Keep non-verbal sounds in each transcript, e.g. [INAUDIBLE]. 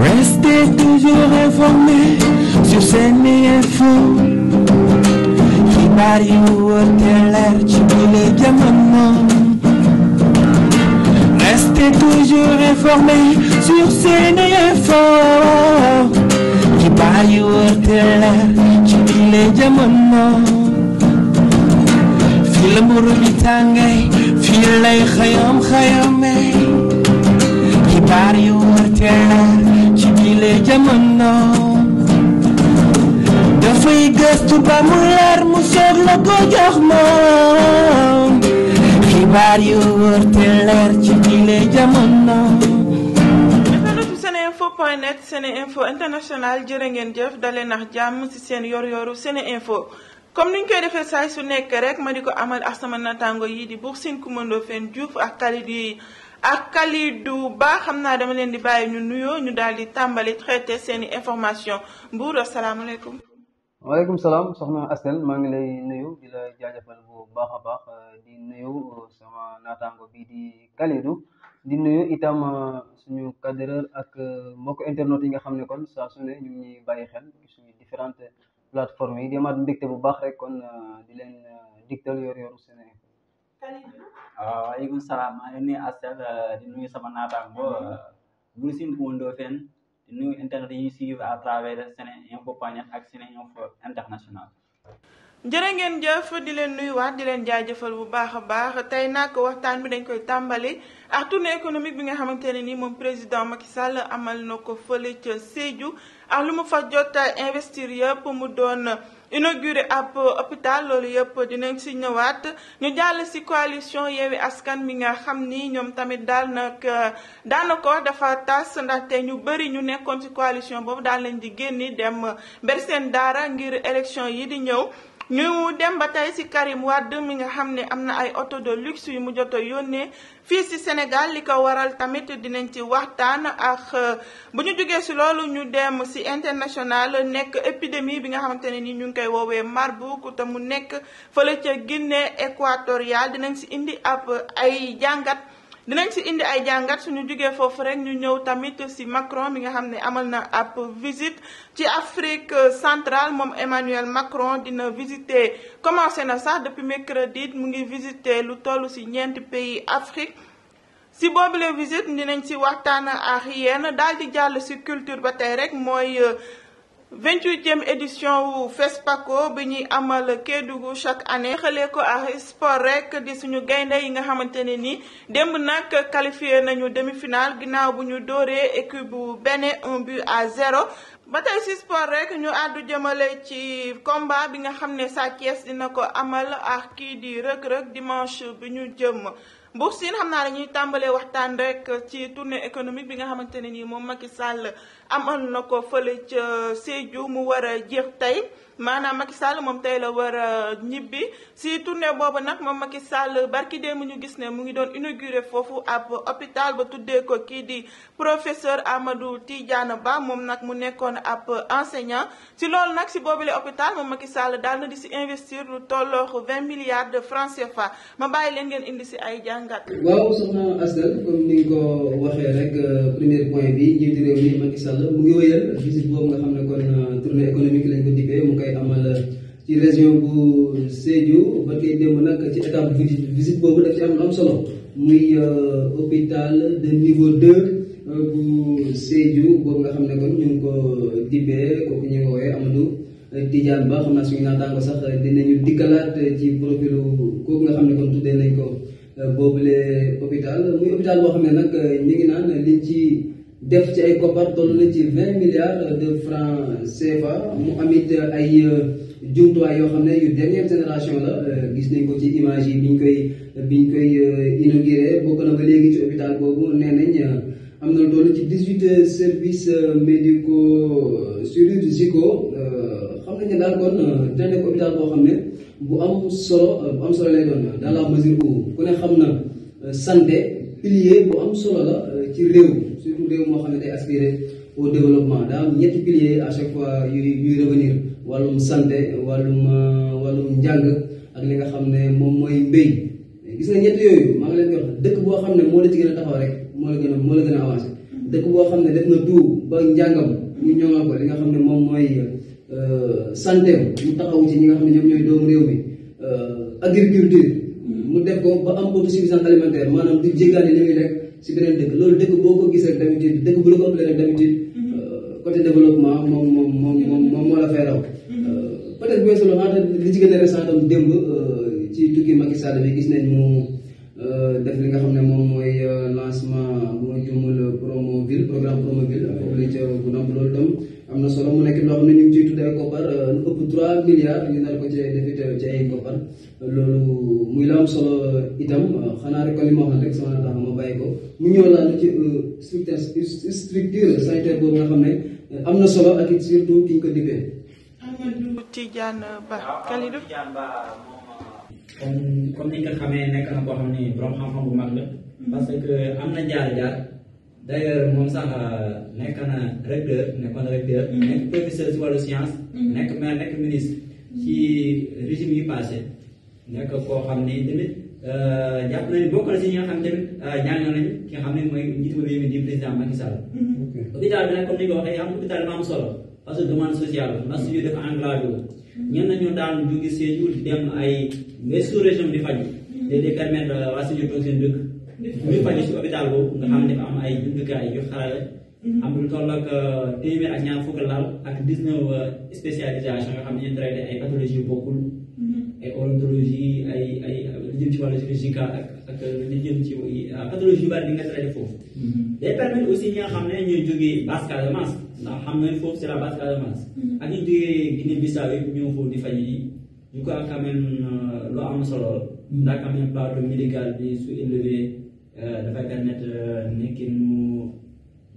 Restez toujours informés sur SeneInfo. xibaar yi wóote leer ci bile jamono. toujours informés sur SeneInfo. xibaar yi ci bile jamono. fii la mburu bi tàngee fii lay xayam yile jamono dafay gëstu ba mu leer mu soog la ko jox moom xibaar yu wër te leer ci yile jamono point net ngeen jëf dalee nax jàmm ci seen yor yoru sene info comme niñ koy defee saay su nekk rek ma di ko amal ak sama natango yi di Buur Sine Coumba Ndoffène Diouf ak Khalidou yi ak Kalidou Ba xam naa dama leen di bàyyi ñu nuyoo ñu daal di tàmbali traité seeni information information Mbour asalaamaaleykum. waaleykum salaam soxna Astel maa ngi lay nuyu di la jaajëfal bu baax a baax di nuyu sama naataango bii di Kalidou di nuyu itam uh, suñu cadreur ak uh, mbokk internet yi nga xam ne kon saa su ne ñu ngi bàyyi xel suñu différentes plateformes yi di amaat bu baax rek kon uh, di leen digtal yor-yoru Sénégal. waaw ah, waaleykum salaam maa ngi nuyu Astel eh, di nuyu sama naataango bu mu bu Ndofène di nuyu internet yi ñu suivre à travers Seneinfo point ak Seneinfo international. jërë ngeen jëf di leen nuyuwaat di leen jaajëfal bu baax a baax tey nag waxtaan bi dañ koy tàmbali ak tournée économique bi nga xamante ne ni moom président Macky Sall amal na ko fële ca Sédhiou ak lu mu fa jot investir yëpp mu doon. inauguré ab hôpital loolu yëpp dinañ si ñëwaat ñu jàll si coalition Yewwi Askan mi nga xam ni ñoom tamit daal nag daanaka dafa tas ndaxte ñu bëri ñu nekkoon si coalition boobu daal lañ di génni dem ber seen daara ngir élection yi di ñëw ñu dem ba tey si Karim Wade mi nga xam ne am na ay auto de yu mu jot yónnee fii si Sénégal li ko waral tamit dinañ ci waxtaan ak euh, bu ñu jógee si loolu ñu dem si international nekk épidémie bi nga xamante ne ni ñu ngi koy woowee Marburg te mu nekk fële ca Guinée équatoriale dinañ si indi ab ay jàngat. dinañ si indi ay jàngat suñu jógee foofu rek ñu ñëw tamit si Macron mi nga xam ne amal na ab visite ci Afrique centrale moom Emmanuel Macron dina visiter commencé na sax depuis mercredi mu ngi visiter lu toll si ñeenti pays Afrique. si boobu la visite dinañ si waxtaan ak yéen daal di jàll si culture ba tey rek mooy 28e édition wu FESPACO bi ñuy amal Kédougou chaque année xale ko ak sport rek di suñu gaynde yi nga xamante ne ni démb nag qualifié nañu demi-finale ginnaaw bu ñu dooree équipe bu benn un but à zéro ba tey si sport rek ñu àddu jëmale ci combat bi nga xam ne Sa dina ko amal ak kii di Reug Reug dimanche bi ñu jëm Buur Sine xam naa dañuy tàmbalee waxtaan rek ci tournée économique bi nga xamante ne nii moom Macky Sall amal na ko fële ca Sédhiou mu war a jeex tey. maanaam Macky Sall moom tey la war a ñibbi si tournée boobu nag moom Macky Sall barki démb ñu gis ne mu ngi doon inauguré foofu ab hôpital ba tuddee ko kii di professeur Amadou Tidiane Ba moom nag mu nekkoon ab enseignant si loolu nag si boobule hôpital moom Macky Sall daal na di si investir lu tolloo vingt milliards de francs fa ma bàyyi leen ngeen indi si ay jàngat. waaw soxna Asgal comme ni ko waxee rek euh, premier point bi njiitu réew mi Macky Sall mu ngi wëyal koy amal ci région bu Sédhiou ba koy démb nag ci étape visite visite boobu daf ci am am solo muy euh, hôpital de niveau deux euh, bu Sédhiou boobu nga xam ne kon ñu ngi ko dibbee kooku ñu ngi woowee Amadou Tidiane Ba xam naa suñu naataango sax dinañu dikkalaat ci profilu kooku nga xam ne kon tuddee nañ ko euh, boobule hôpital muy hôpital boo xam ne nag ñu ngi naan liñ ci. def ci ay koppar toll ci vingt milliards de francs CFA mu amit ay euh, jumtuwaay yoo xam ne yu dernière génération la euh, gis nañ ko ci image yi ñu koy biñ koy euh, inauguré bokk na ba léegi ci hôpital boobu nee am na lu toll ci dix-huit services médicaux chirurgicaux xam nañ ne daal kon dina nekk hôpital boo xam ne bu am solo bu am solo lay doon dans la mesure où ku ne xam na santé pilier bu am solo la ci réew. réew moo xam ne day aspirer au développement daa am ñetti piliers à chaque fois yuy yuy revenir wàllum santé wàllum wàllum njàng ak li nga xam ne moom mooy mbéy gis nga ñett yooyu maa ngi leen di wax dëkk boo xam ne moo la ci gën a taxaw rek moo la gën a avancé dëkk boo xam ne def na tout ba njàngam ñu ñoŋal ko li nga xam ne moom mooy euh, santé mu taxaw ci ñi nga xam ne ñoom ñooy doomu réew mi euh, agriculture mm-hmm. mu def ko ba am autosuffisance alimentaire maanaam du jéggaane si beneen dëkk loolu dëkk boo ko gisee d'habitude dëkk bu la ko ëppalee rek d'habitude euh, côté développement moom moom moom moom moo la fay raw euh, peut a récent tam euh, ci tukki Macky Sall bi gis nañ mu def li nga xam ne moom mooy lancement bu ma jumul Promoville programme Promoville foofu la ca bu namb loolu tam am na solo mu nekk noo xam ne ñu ngi ciy tudd ay koppar lu ëpp 3 milliards ñu nar ko ci defite ci ay koppar loolu muy la am solo itam euh, xanaa rek ko li ma waxoon rek sama tax ma bàyyi ko mu ñëw laal ci euh, structure structure boobu nga xam ne euh, am na solo ak surtout ki ñu ko dippee. Amadou Tidiane Ba Kalidou. ni nga xamee nekk na koo xam ni borom xam-xam bu mag la. Mhm. parce que am na jaar-jaar. d' ailleurs moom sax nekk na recteur nekkoon recteur. Mhm. nekk professeur si science. Mhm. nekk maire nekk ministre. ci régime yu passé. nekk koo xam ne tamit euh, jàpp nañu bokk na si ñi nga xam tamit euh, ñaanal nañu xam ne mooy njiitu réew mi di mhm. ni nga ko waxee que demande sociale la ndax suñu dafa enclavé wu. Mhm. ñenn nañu ay mais mhm. euh, yoo xam ne bokkul. ay odontologie ay ay lu jëm ci wàllu chirurgical ak ak lu jëm ci ah, pathologie yu bari di nga traité foofu. Mm-hmm. day permettre aussi ñi xam ne ñooy jógee basse Casamance ndax xam nañ foofu c'est la basse Casamance. Mm-hmm. ak ñu jógee Guinée Bissau yëpp ñëw foofu di ñu ko quand même euh, lu am solo mm-hmm. ndax quand même plateau médical bi su élevé euh, dafay permettre euh, nekkinu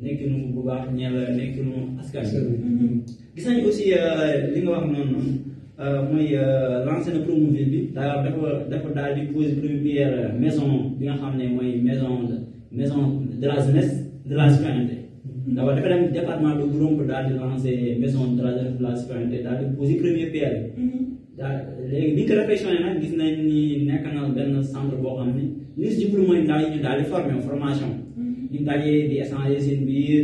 nekkinu bu baax ñeel nekkinu askan. gis nañu aussi li nga wax noonu. Euh, mooy euh, l'ancienne Promoville bi daa dafa dafa daal di poser première euh, maison bi nga xam ne mooy maison maison de la jeunesse de la citoyenneté mm-hmm. dafa de Goudomp daal di lancer maison de la jeunesse de di poser première pierre mm-hmm. daa léegi biñ ko réflexionné nag ni nekk na benn centre boo xam ne li si jublu mooy ndaw yi ñu daal di former formation ñu mm-hmm. dajee di échanger seen biir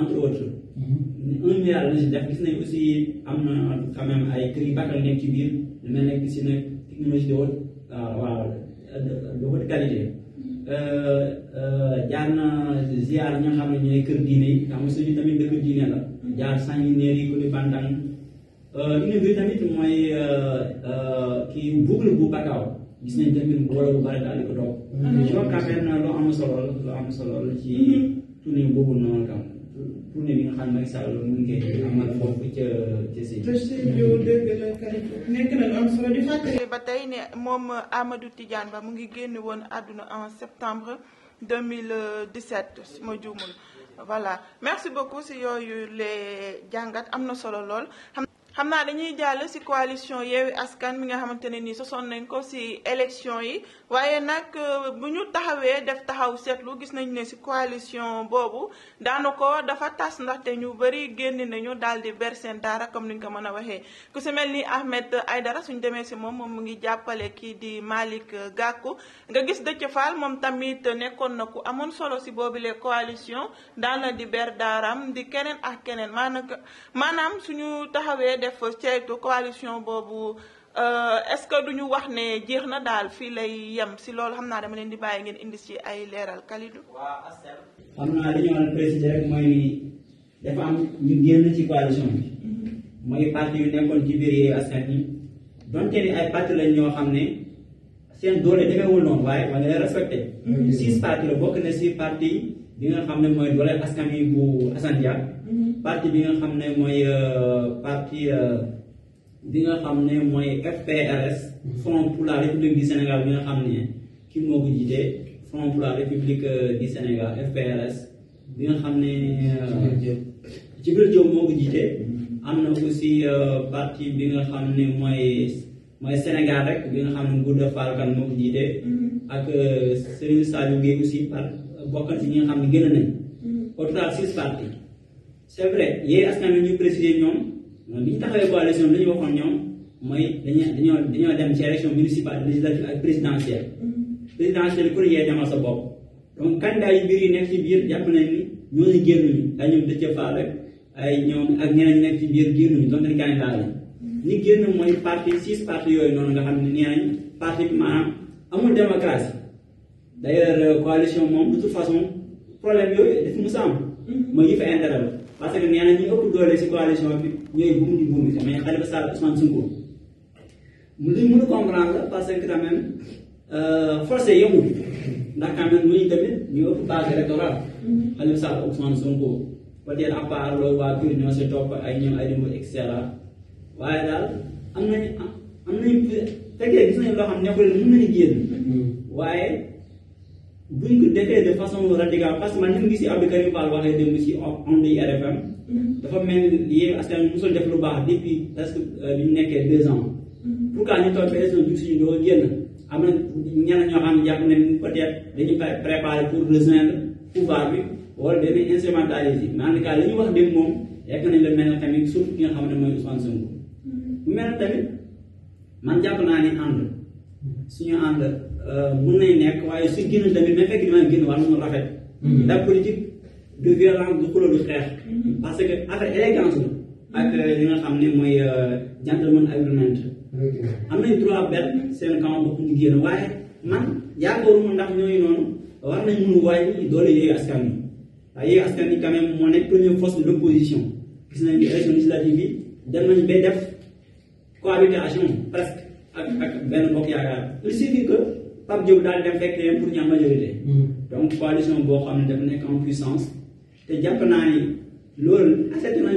entre un milliard si def gis nañ aussi am na quand ay kër yu baax nekk ci biir lu mel ne si nag technologie de haute euh, waaw de haute qualité euh, euh, jaar na ziar ñi nga xam ne kër diine yi xam nga suñu diine la jaar sanguinaire yi ko di bantan li nga mooy kii boucle bu Bakau gis nañ tamit mbooloo bu bari daal di ko toog. loolu mm-hmm. quand même loo am solo loo am solo ci mm-hmm. tournée boobu noonu tam. mu ngi ba tey ne moom Amadou Tidiane Ba mu ngi génn woon àdduna en septembre mille 2017 su ma juumul voilà merci beaucoup si yooyu les jàngat am na solo lool. xam naa dañuy jàll si coalition Yewwi Askan mi nga xamante ne nii sosoon nañ ko si élection yi. waaye nag euh, bu ñu taxawee def taxaw seetlu gis nañu ne ci coalition boobu daanako dafa tas ndaxte ñu bëri génn nañu daal di ber seen daara comme ni ñu ko mën a waxee. ku si mel ni Ahmed dara suñ demee si moom moom mu ngi jàppale kii di Malick Gakou nga gis Déthié Fall moom tamit nekkoon na ku amoon solo ci boobu les coalition daana di ber daaram di keneen ak keneen maanaam maanaam suñu taxawee def ceytu coalition boobu. Euh, est-ce que duñu wax ne jeex na daal fii lay yem si loolu xam naa dama leen di bàyyi ngeen indi ci ay leeral Kalidou. xam naa li ñu war a préciser rek mooy dafa am ñu ci coalition bi mooy parti yu nekkoon ci Askan Wi donte ni ay parti lañ ñoo xam ne seen doole demeewul noonu waaye ma leen respecté. Mm-hmm. six parti la bokk si parti bi nga xam ne mooy doole askan wi bu Assane Dia. Mm-hmm. parti bi nga xam ne mooy euh, parti. Euh, bi nga xam ne mooy FPRS Front pour République du Sénégal bi nga xam ne kii moo ko jiite Front pour République euh, du Sénégal FPRS bi nga xam ne ci euh, biir Diop moo ko jiite am na aussi euh, parti bi nga xam ne mooy Sénégal rek bi nga xam ne Gouda Fall moo ko jiite ak Serigne Saliou Gueye aussi par bokkan si ñi nga xam ne gën a nañ au six partis c'est vrai yéen askan wi ñu préciser ñoom mooy bi ñu taxawee coalition bi li mooy dañoo dañoo dañoo dem ci élection municipale législative ak présidentielle mm-hmm. présidentielle ku yi nekk ci biir jàpp nañ ni ñooñu génnuñu ay ñoom dëcc faal rek ay ñoom ak ñeneen mm-hmm. ñi génn mooy parti six parti yooyu noonu nga xam ne nee nañ parti euh, moom de toute façon problème yooyu daf mu am mm-hmm. mooy yi fa intérêt la parce que nee na ëpp doole si coalition bi ñooy buum di buum mais Khalifa Sall Ousmane Sonko luñ mën a comprendre parce que quand même euh, forcé yëngu ndax quand même ñooñu tamit ñu ëpp base électorale mm-hmm. Khalifa Sall Ousmane Sonko peut-être à part loolu waa PUR ñoo si topp ay ñoom ay dem et cetera waaye daal am nañu am nañu fekkee gis nañu loo xam nekkul mën nañu génn mm-hmm. waaye. buñ ko defee de façon radicale parce que man ni mu gis Abdou Karim Fall waxee démb si ondes yi RFM mm-hmm. dafa mel ni yéen musul def lu baax depuis que euh, bi ñu nekkee deux ans. Mm-hmm. pourquoi ñu toog ba suñu doo génn am na ñeneen ñoo xam ne jàpp nañ peut-être dañuy préparer pour rejoindre pouvoir bi wala dañuy instrumentaliser mais en tout cas wax dégg moom yegg nañ la mel ne mm-hmm. tamit suñu ànd. Euh, mun nay nekk waaye su génn tamit même fekk dina génn war mun rafet mm-hmm. ndax politique du violence du xuloo du xeex mm-hmm. parce que affaire élégance la ak mm-hmm. euh, li nga xam ne mooy euh, gentleman agreement am nañ trois benn seen camp bopp ñu génn waaye man yaakaaruma ndax ñooñu noonu war nañ mun waaye doole yooyu askan wi waaye yooyu askan wi quand moo nekk première force de l'opposition gis nañ ni élection yi dem nañ ba def cohabitation presque ak ak benn mbokk Pape Diop daal dem fekk leen pour hmm. xam ne dafa nekk en puissance te jàpp naa ni loolu accepté nañ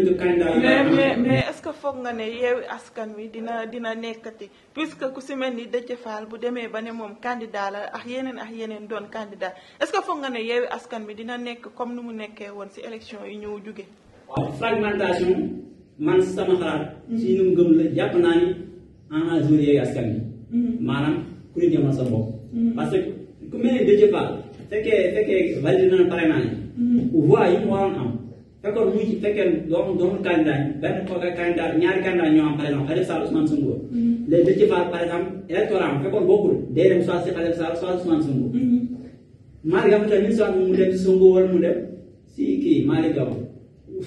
que foog nga ne yeewi askan wi dina dina nekkati puisque ku si mel ni Déthié Fall bu demee ba ne moom candidat ak yeneen ak yeneen doon candidat est que foog nga ne yeewi askan wi dina nekk comme nu mu nekkee woon si élection yi ñëw jóge waaw fragmentation man sama xalaat si nu mu gëm la jàpp naa ni en azur yeewi askan wi hmm. maanaam ku ne demal sa bopp Mm. parce que ku mel ne Déthié Fall fekkee fekkee validé na parrainage voix yi mu waroon am fekkoon muy ci fekkee doomu doomu candidat benn kooka candidat ñaari candidat ñoo am par exemple Khalifa mm. am fekkoon bokkul day dem soit si Khalifa Sall soit Ousmane Sonko mm-hmm. Malick Gakou tamit soit mu dem si Sonko wala mu dem si kii Malick Gakou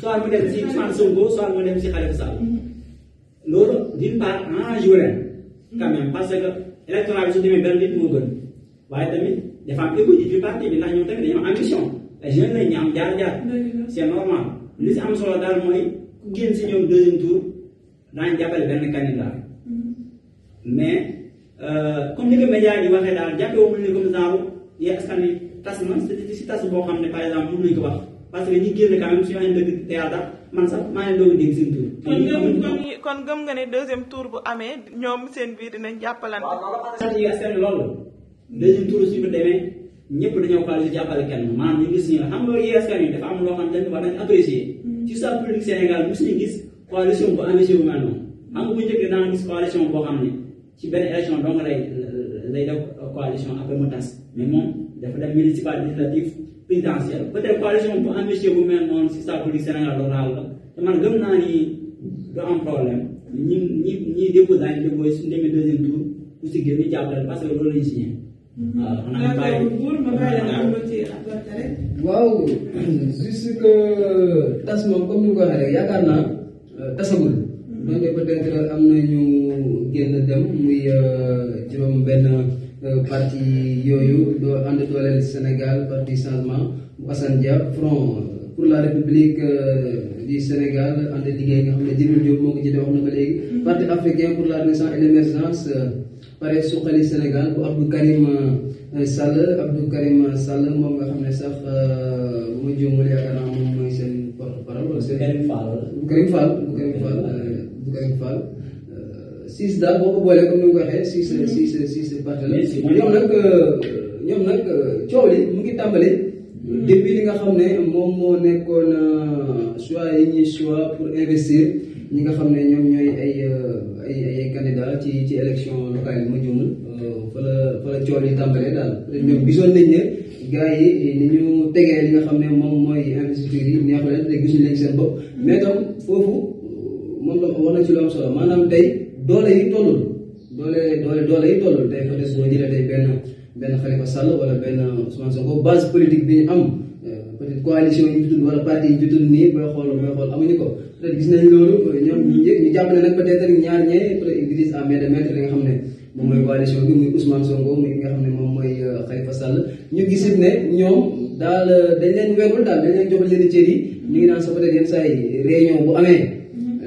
soit mu dem si Ousmane Sonko soit mu dem si Khalifa Sall loolu d'une part en joué quand même parce électorat bi su demee benn nit moo gën waaye tamit dafa am égo ji ci parti bi ndax ñoom tamit dañoo am ambition ay jeunes lañ ñu am jaar-jaar. c'est normal li si am solo daal mooy ku génn si ñoom deuxième tour daañu jàppale benn candidat mm-hmm. mais euh, comme ni ko média yi waxee daal jàppee wu ñu ne comme genre yi askan wi tas na si tas boo xam ne par exemple mënuñu ko wax parce que ñi génn quand même suñu waxee dëgg théâtre man sax maa ngi doon dégg seen tur. kon gëm nga ne deuxième tour bu amee ñoom seen biir dinañ jàppalante. waaw loolu deuxième tour su ñu demee ñëpp dañoo xool si jàppale kenn maanaam ñu gis ñu xam am loo xam dañ war nañ apprécier. Mm. ci sa politique Sénégal mos ñu gis coalition bu amee si bu mel noonu xam nga bu njëkk daan gis coalition boo xam ne ci benn élection dong lay lay def coalition après mu tas mais dafa dem municipal législatif présidentiel peut-être coalition bu amnistie bu mel noonu si sa politique Sénégal local la te man gëm naa ni du am problème ñi ñi ñi déposé daañu déposé suñu demee deuxième tour ku si génn ñu jàppale parce que loolu la ñu signé. waaw xanaa bàyyi waaw juste que tas moom comme ni ko waxee rek yaakaar naa tasagul. donc peut-être am na ñu génn dem muy eh, juróom benn. Euh, parti yooyu doo ànd dooleel Sénégal parti changement bu Assane Dia euh, pour la république euh, du Sénégal ànd liggéey nga xam ne Djibril Diop moo ko jiite wax na ko léegi. Mm-hmm. parti africain pour la renaissance et pare suqali Sénégal bu Abdou Karim Sall Abdou moom nga xam ne sax bu ma juumul yaakaar naa moom mooy seen porte-parole. Karim Fall Karim Fall Karim Fall Karim Fall. siis daal boo ko boolee comme ni nga ko waxee siis siis siis parti la ñoom nag ñoom uh, nag coow li mu ngi tàmbali mm-hmm. depuis li nga xam ne moom moo nekkoon uh, choix yi ñuy choix pour investir ñi nga xam ne ñoom ñooy ay uh, ay ay ci ci élection locale yi ma jumul fa la fa la coow li tàmbalee daal mm-hmm. ñoom gisoon nañ ne gars yi eh, ñu tegee li nga xam ne moom mooy investiture yi neexu leen te gisuñu leen seen mm-hmm. foofu moom la wax na ci lu solo maanaam tey doole yi tollul doole doole doole yi tollul tey peut-être boo jëlee tey benn benn Khalifa Sall wala benn Ousmane Sonko base politique bi ñu am euh, peut-être coalition yi ñu tudd wala parti nii booy xool booy xool amuñu ko peut-être gis nañ loolu euh, ñoom ñu ñu jàpp ne nag peut-être ñaar ñee peut-être Idriss à li nga xam ne moom mooy coalition bi muy nga xam ne moom mooy euh, Khalifa Sall ñu gisit ne ñu ngi naan sa peut-être yenn saa yi réunion bu amee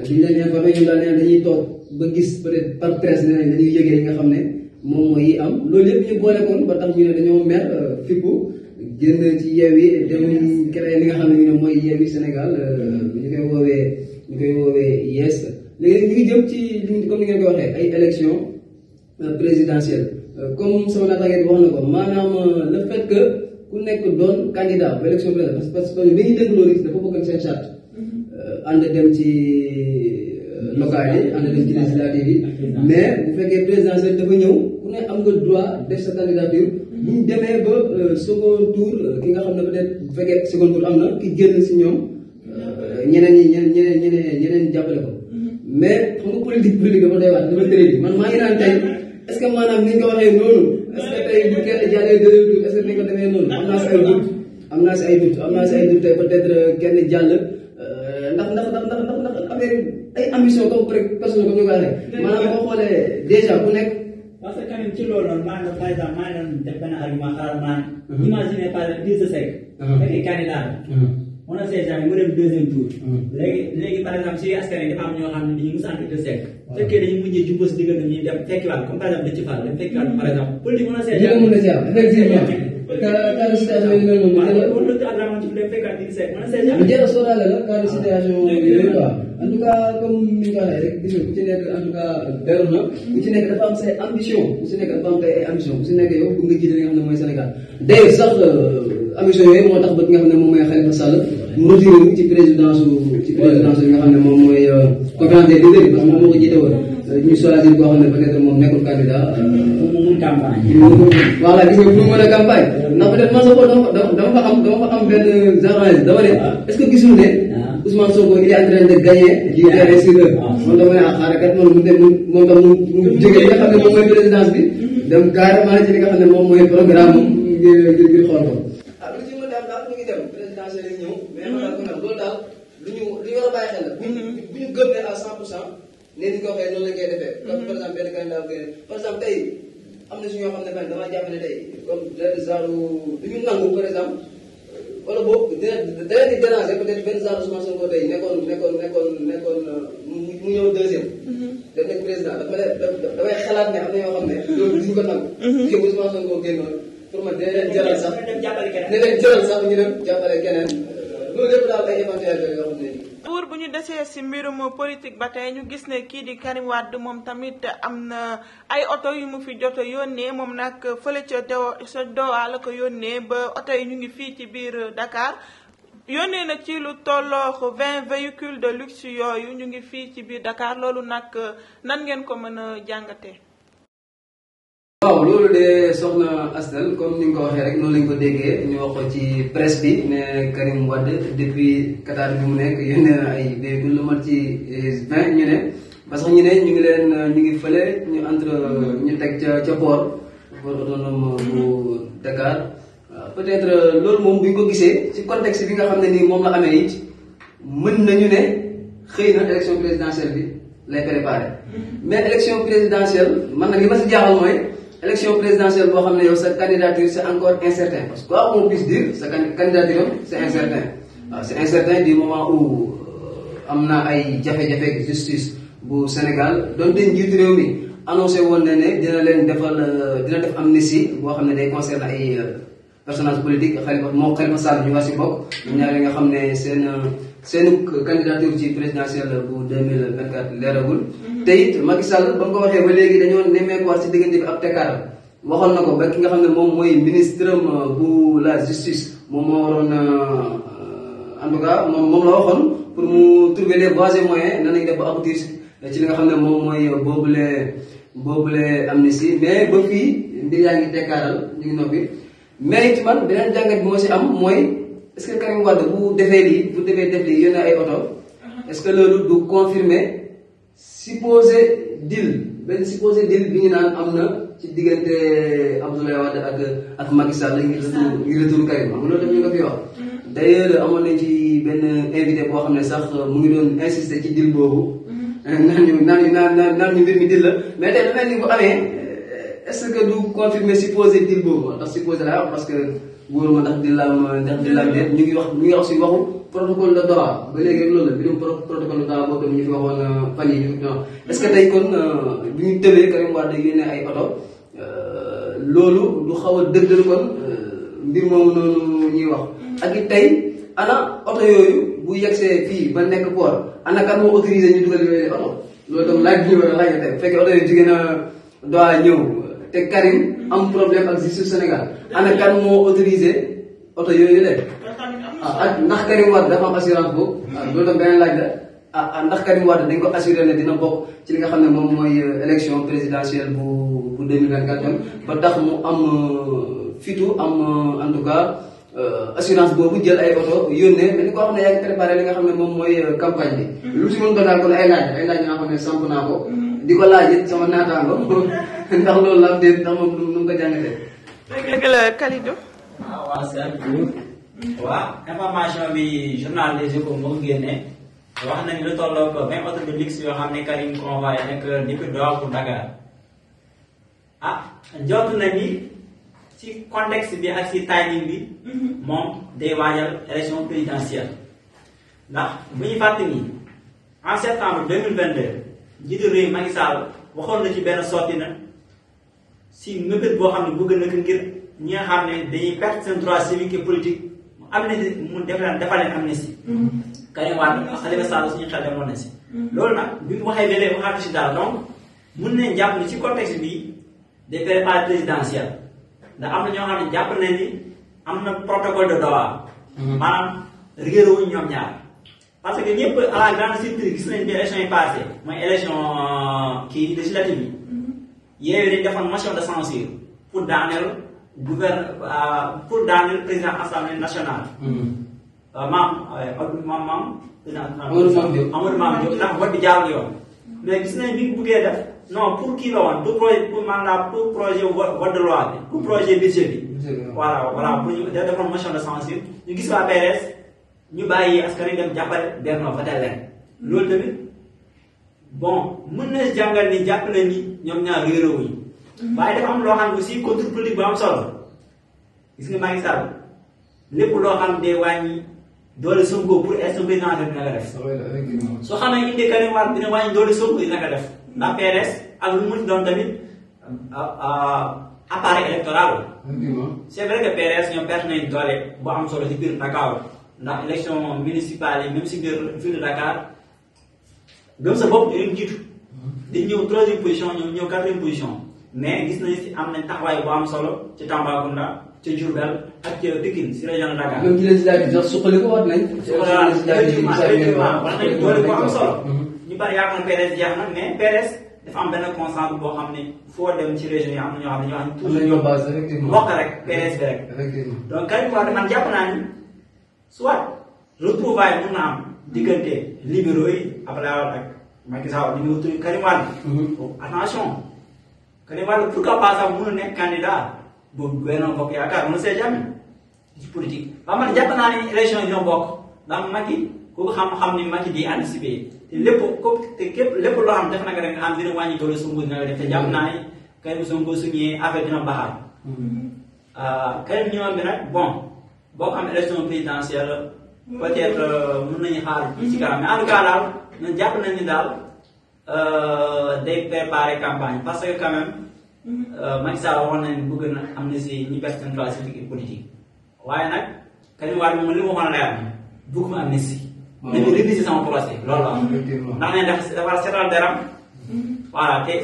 duñ mm-hmm. leen informé ñoom daal dañuy toog ba gis peut être par presse nee dañuy yëgee yi nga xam ne moom mooy yi am loolu yëpp ñu boole koon ba tax ñu dañoo mer euh, fippu génn ci yi dem li nga xam ne ñu ne mooy yeew yi Sénégal euh, ñu koy woowee ñu koy woowee yees léegi ñu ngi jëm ci li comme ni ngeen ko waxee ay élection euh, présidentielle comme sama naataange wax na ko maanaam le fait que ku nekk doon candidat bu élection présidentielle parce que parce que loolu dafa bokk ak seen charte mm-hmm. ànd dem ci locales yi analyse législative yi mais bu fekkee présidentielle dafa ñëw ku ne am nga droit def sa candidature bu ñu demee ba second tour ki nga xam ne peut-être bu fekkee second tour am na ki génn si ñoom ñeneen ñi ñeneen ñeneen ñeneen ñeneen jàppale ko mais xam nga politique politique dafa doy waar dafa tëri man maa ngi naan tey est-ce que maanaam ni nga waxee noonu est kenn jàllee deuxième tour est-ce que ni am naa si ay doute am naa si ay doute am naa si ay ay ambition comme personne comme ñu ko waxee. maanaam boo xoolee déjà ku nekk. parce que quand même ci loolu noonu maa ngi par exemple maa ngi doon def benn argument xaaral maa ngi. Mhm. imaginer par exemple Idrissa Seck. fekkee mhm. candidat la. on a sait jamais mu dem deuxième tour. Mhm. léegi léegi par exemple si askan yi dafa am ñoo xam ne dañuy mus a ànd Idrissa Seck. fekkee dañuy mujjee jubóo si diggante ñuy dem fekkiwaat comme par exemple dañ ci faral dañ fekkiwaat par exemple. politique on a sait jamais mën a seet effectivement. kaanu situation yi mel noonu. waaw loolu la ci ànd ak moom ci bu dee fekkaat Idrissa Seck on a sait jamais. bu jëlee sóoraale la kaanu situation yooyu quoi. en tout cas comme ni nga waxee rek gis nga ku ci nekk en tout cas beru na ku ci nekk dafa am say ambition ku ci nekk dafa am ay ambition ku ci nekk yow bëgg nga jiite li nga xam ne mooy Sénégal day sax ambition yooyu moo tax ba ki nga xam ne moom mooy Khalifa Sall mu retiré wu ci présidence ci présidence bi nga xam ne moom mooy conférence des leaders parce que moom moo ko jiite woon ñu choisir koo xam ne peut-être moom nekkul candidat campagne. voilà gis nga pour mën a campagne. ndax peut-être man Sonko dama fa am dama fa am benn genre dama ne ah. est ne. Ousmane Sonko il est en train de gagner. di gagner sur eux. Ah. man dama ne ah xaaral kat mu dem moom tam ne moom mooy présidence bi. dem carrément ci li nga xam ne a bàyyi mm-hmm. ne à 100 pour cent. nit ñi ko am na si ñoo xam ne man damaa jàpp ne tey comme benn genre du ñu nangu par exemple wala boobu dina dina di déranger peut être benn genre Ousmane Sonko tey nekkoon nekkoon nekkoon nekkoon mu ñëw deuxième. Mhm. dañ nekk président dafa ne damay xalaat ne am na ñoo xam ne. loolu du ñu ko nangu. kii mhm. bu Ousmane Sonko génnoon pour man dina leen jaral sax dina leen jaral sax ñu dem jàppale keneen loolu lépp daal ay éventuels yoo xam ne. buur bu ñu desee si mbirum politique ba tey ñu gis ne kii di Karim Wade moom tamit am na ay oto yu mu fi jot a yónnee moom nag fële ca teew sa ko yónnee ba oto yi ñu ngi fii ci biir Dakar yónnee na ci lu tolloo vingt véhicules de luxe yooyu ñu ngi fii ci biir dakaar loolu nag nan ngeen ko mën a jàngatee. waaw loolu de soxna Astel comme ni nga ko waxee rek noonu lañ ko déggee ñu wax ci presse bi ne Karim Wade depuis Qatar bi mu nekk yónnee na ay véhicule lu mat ci eh, ne parce que ñu ne ñu ngi leen ñu ngi fële ñu entre ñu teg ca ca port port autonome bu Dakar ah, peut-être loolu moom buñ ko gisee ci contexte bi nga xam ne nii moom la amee it mën nañu ne xëy na élection présidentielle bi lay préparé mm-hmm. mais élection présidentielle man nag li ma si jaaxal mooy élection présidentielle boo xam ne yow sa candidature c' est encore incertain parce que quoi on puisse dire sa candidature c' incertain waaw c' est incertain du moment où euh, am na ay jafe-jafe justice bu Sénégal doon dañ njiitu réew mi annoncé woon na ne dina leen defal euh, dina def amnistie boo xam ne day concerne ay euh, personnage politique Khalifa moo Khalifa Sall ñu war si bokk ñaar yi nga xam ne seen seen candidature ci présidentielle bu 2024 leeragul te it Macky Sall ba nga ko waxee ba léegi dañoo nemmeekuwaat si diggante bi ab tekkaaral waxoon na ko ba ki nga xam ne moom mooy ministre euh, bu la justice moom moo waroon euh, euh, en tout cas moom mu trouver les voies et moyens nan la ñuy nga xam ne moom mooy boobule boobule amnistie mais ba fii mbir yaa ngi tekkaaral ñu ngi noppi mais it man beneen jàngat bi moo si am mooy est-ce que Karim Wade bu defee lii bu defee def lii yónnee ay oto est-ce que loolu du confirmer supposé deal benn supposé deal bi ñu naan am na ci diggante Abdoulaye Wade ak ak Macky Sall ngir retour ngir retour Karim xam nga loolu tamit ñu ko fi wax. Mm-hmm. d'ailleurs amoon nañ ci benn invité boo xam ne sax mu ngi doon insister ci boobu. Mm-hmm. Eh, naan ñu naan ñu naan naan ñu mbir mi deal la mais tey mel bu amee eh, est-ce que du confirmer supposé deal boobu ndax supposé laa wax parce que wóoruma ndax deal la am ndax deal la am déet ñu ngi wax ñu ngi wax si waxu. protocole de Doha ba léegi rek loolu la mbirum protocole de Doha boobu ñu fi waxoon fan yii que tey kon euh, bu ñu tëbee Karim Wade day yéene ay oto euh, loolu du xaw a dëggal kon euh, mbir moomu noonu ñuy wax. ak it tey ana oto yooyu bu yegsee fii ba nekk port ana kan moo autorisé ñu dugal yooyu oto loolu itam laaj bi ñu war bu fekkee oto yooyu jigéen a ñëw te Karim am problème ak justice Sénégal ana kan moo autorisé. oto yooyu la. Ah, ah ndax Karim Wade dafa am assurance boobu. Hmm. Ah, loolu tam beneen laaj la ah, ah ndax Karim Wade dañ ko assuré ne dina bokk ci li nga xam ne moom mooy euh, élection présidentielle bu bu 2024 ba tax mu am euh, fitu am euh, en tout cas. assurance boobu jël ay oto yónnee dañu ko xam ne yaa ngi préparé li nga xam ne moom mooy campagne bi. Hmm. lu si mën doon daal kon ay laaj ay laaj yoo xam ne samp naa ko. Hmm. di ko laaj sama naataango [LAUGHS] [LAUGHS] ndax loolu la am déet ndax moom nu mu ko jàngatee. dëgg la Kalidou. waaw Seydou waaw information bi journal des Échos moo ko wax nañ lu tolloog vingt auto de luxe yoo xam ne Karim convoyé nekk depuis Doha pour ah njort na ni ci contexte bi ak si timing bi mm-hmm. moom day waajal élection présidentielle ndax bu ñu fàtte nii en septembre 2022 njiitu réew Macky Sall waxoon na ci ben sotti na si mëbët boo xam ne bëgg na ko ñi nga xam ne dañuy perte seen e civique et politique mu amnistie mu def leen defal leen amnistie. Mhm. Karim Wade ak Khalifa Sall na mhm. bi mu waxee ba léegi waxaat daal donc mun nañ jàpp ne ci contexte bii des prépas présidentielles ndax am na ñoo xam ne jàpp nañ ni am na protocole de Doha. Mhm. maanaam rigueur wuñ ñoom ñaar. parce que ñëpp à la grande gis nañ bi élection yi passé mooy élection euh, kii législative yi. yooyu dañ defoon motion de censure pour daaneel. gouverne euh, pour daaneel président assemblée nationale. maam maam maam. Amadou Mame Diop Amadou Mame Diop ndax vote bi jaar yoon. mais gis nañ bi ñu buggee def non pour kii la woon pour projet pour mandat pour projet vote de loi bi pour hmm. projet budget bi. voilà voilà hmm. pour ñu defoon de censure ñu gis waa PRS ñu bàyyi askan wi dem jàppale Benno voté leen hmm. loolu tamit bon mën na jàngal ni jàpp nañ ni ñoom ñaar réeróo yi. waaye dafa am loo xam ne aussi contre politique bu am solo gis nga Macky Sall lépp loo xam ne day wàññi doole Sonko pour être président dina ko def. Ah soo xam ne indi Karim Wade dina wàññi doole Sonko dina ko def ndax PRS ak lu doon tamit ah, ah, appareil électoral c' est vrai que PRS ñoom doole bu am solo ci biir ndax élection municipale yi même si biir ville de Dakar gëm sa bopp dañu jiitu dañu ñëw position ñoom ñëw quatrième position. mais gis nañu si am nañ taxawaay bu am solo ci Tambacounda ci Diourbel ak ci Pikine si région de Dakar. même ci législative sax suqaliku war nañ. solo. ñu bari yaakaar na PDS jeex na mais PDS dafa am benn constat boo xam ne foo dem ci région yi am na ñoo xam ne ñoo xam ne toujours ñoo base effectivement bokk rek PDS bi donc Karim man jàpp naa ni soit retrouvaille mun na am diggante yi Abdoulaye Wade ak Macky Sall ni mu tudd attention. que ne wàllu pourquoi pas sax mënul nekk candidat boobu benn bokk yaakaar on ne sait jamais ci politique. waaw man jàpp naa ni élection yi ñoo bokk ndax Macky ku xam-xam ni Macky di anticiper te lépp ko te képp lépp loo xam def na nga rek am dina wàññi doole Sonko dina def te jàpp naa ni Karim Sonko su ñëwee affaire dina baaxal. Karim ñëwoon bi nag bon boo ko am élection présidentielle peut-être mën nañu xaar fii ci kanam mais en tout cas daal ñun jàpp nañu ni hmm. ah, eh? daal. day euh, préparer campagne parce que quand même mm-hmm. euh, Macky Sall waxoon nañu bëgg na am na si ñi perte seen place si liggéey politique waaye nag kañ waat moom li am na si. Ah. nañu réviser sama na mm-hmm.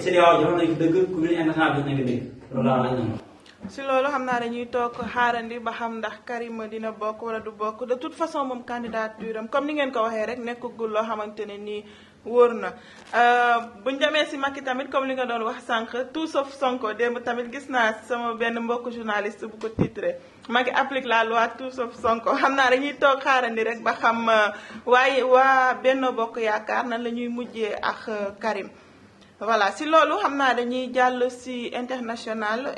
si loolu xam naa dañuy toog xaarandi ba xam ndax Karima dina bokk wala du bokk de tout façon moom candidature am comme ni ngeen ko waxee rek nekkagul loo xamante ne nii wóor na euh, bu ñu demee si Macky tamit comme li nga doon wax sànq tout sauf Sonko démb tamit gis naa sama benn mbokk journaliste bu ko titré Macky applique la loi tout sauf Sonko xam naa dañuy toog xaarandi rek ba xam euh, waaye waa Benno Bokk Yaakaar na la ñuy mujjee ak euh, Karim. voilà si loolu xam naa dañuy jàll si international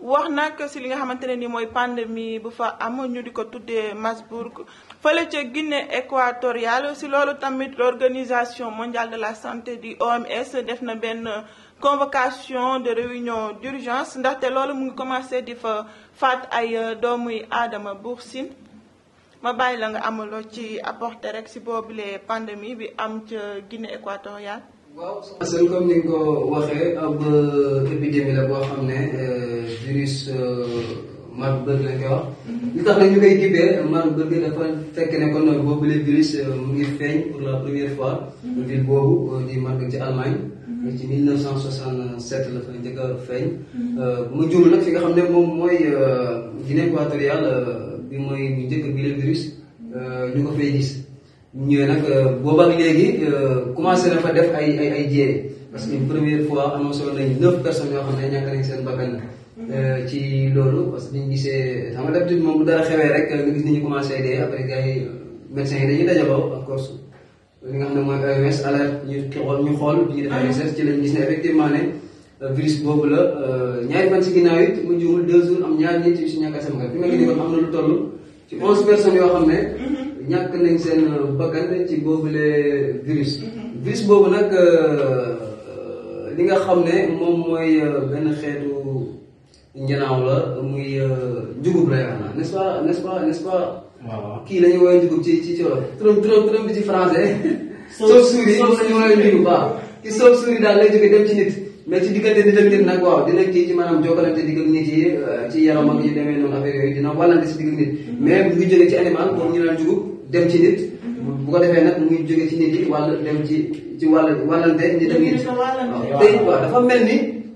wax nag si li nga xamante ne ni mooy pandémie bu fa am ñu di ko tuddee Masbourg fële ca Guinée équatoriale si loolu tamit l'organisation mondiale de la santé di OMS def na benn convocation de réunion d'urgence ndaxte loolu mu ngi commencé di fa faat ay euh, doomuy aadama Boursine ma bàyyi la nga amaloo ci apporté rek si boobule pandémie bi am ca Guinée équatoriale. waaw comme ni nga ko waxee ab euh, épidémie la boo xam ne euh, virus. maru bër lañ koy wax. li tax nag ñu koy tibbee maru bër bi dafa fekk ne kon boobu le virus euh, mu ngi feeñ pour la première fois. Mhm. ville boobu euh, di Marburg ci Allemagne. Mhm. ci 1967 la fa njëkk a feeñ. Mhm. Euh, bu ma nag fi nga xam ne moom mooy Guinée équatoriale bi mooy bu njëkk bi le ñu ko fay gis. ñëwee nag booba léegi commencé na fa def ay ay ay jéey parce que une première fois annoncé woon nañ neuf personnes yoo xam ne ñàkk nañ seen bakkan. Euh, ci loolu parce que dañu gisee xam nga d'habitude moom bu dara xewee rek nga gis ni commencé de après gars yi médecins yi dañuy dajaloo of course li euh, boobu la euh, ñaari fan si mu juumul deux jours am ñaar ñetti a sama fi nga yoo xam ne mhm. ñàkk nañ seen bakkan ci boobule virus mhm. virus boobu nag li nga xam ne moom mooy benn xeetu njanaaw la muy euh, njugub lay a na n'est-ce pas nest pas nest pas. kii la ñu woowee njugub ci ci ci wàllu. turam turam turam bi ci français. soof suur yi moom la ñu woowee njugub waaw. ki soof suur yi daal lay jógee dem ci nit. mais ci diggante nit ci maanaam jokkalante digg ak nit yi euh, ci mm-hmm. si digg mm-hmm. ak ci animal comme dem ci nit. Mm-hmm. tey waaw dafa mel ni.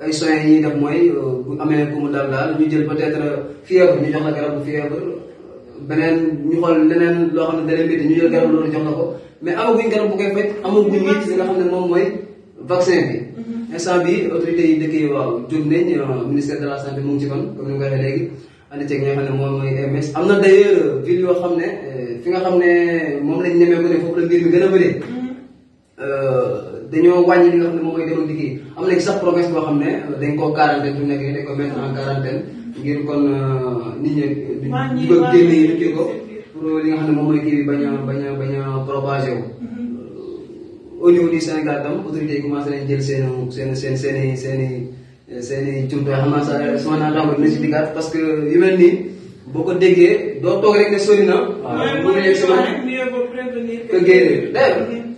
ay soins yi ñuy def mooy euh, bu amee ku mu dal daal ñu jël peut-être euh, fièvre ñu jox la garabu fièvre beneen ñu xool leneen loo xam ne dalee métti ñu jël garab loolu jox la ko mais li nga xam mhm. euh, la santé mu ngi ci kon comme am na d'ailleurs ville yoo xam ne fi nga xam ne moom la mbir mi mhm. dañoo wàññi li nga xam ne moom mooy demoon liggéey am léegi sax promesse boo xam ne dañ koo quarantaine fi mu nekk nii dañ ko mettre en quarantaine ngir kon euh, nit ñi. waa ñii waa ñii ko pour li nga xam ne moom mooy kii bi bañ a bañ a bañ a propagé wu. Mm-hmm. au niveau du Sénégal tam autorités yi commencé nañ jël seen seen seen seen i seen i seen parce que yu mel nii boo ko déggee toog rek ne sori na. waaw mu ngi nekk sama. que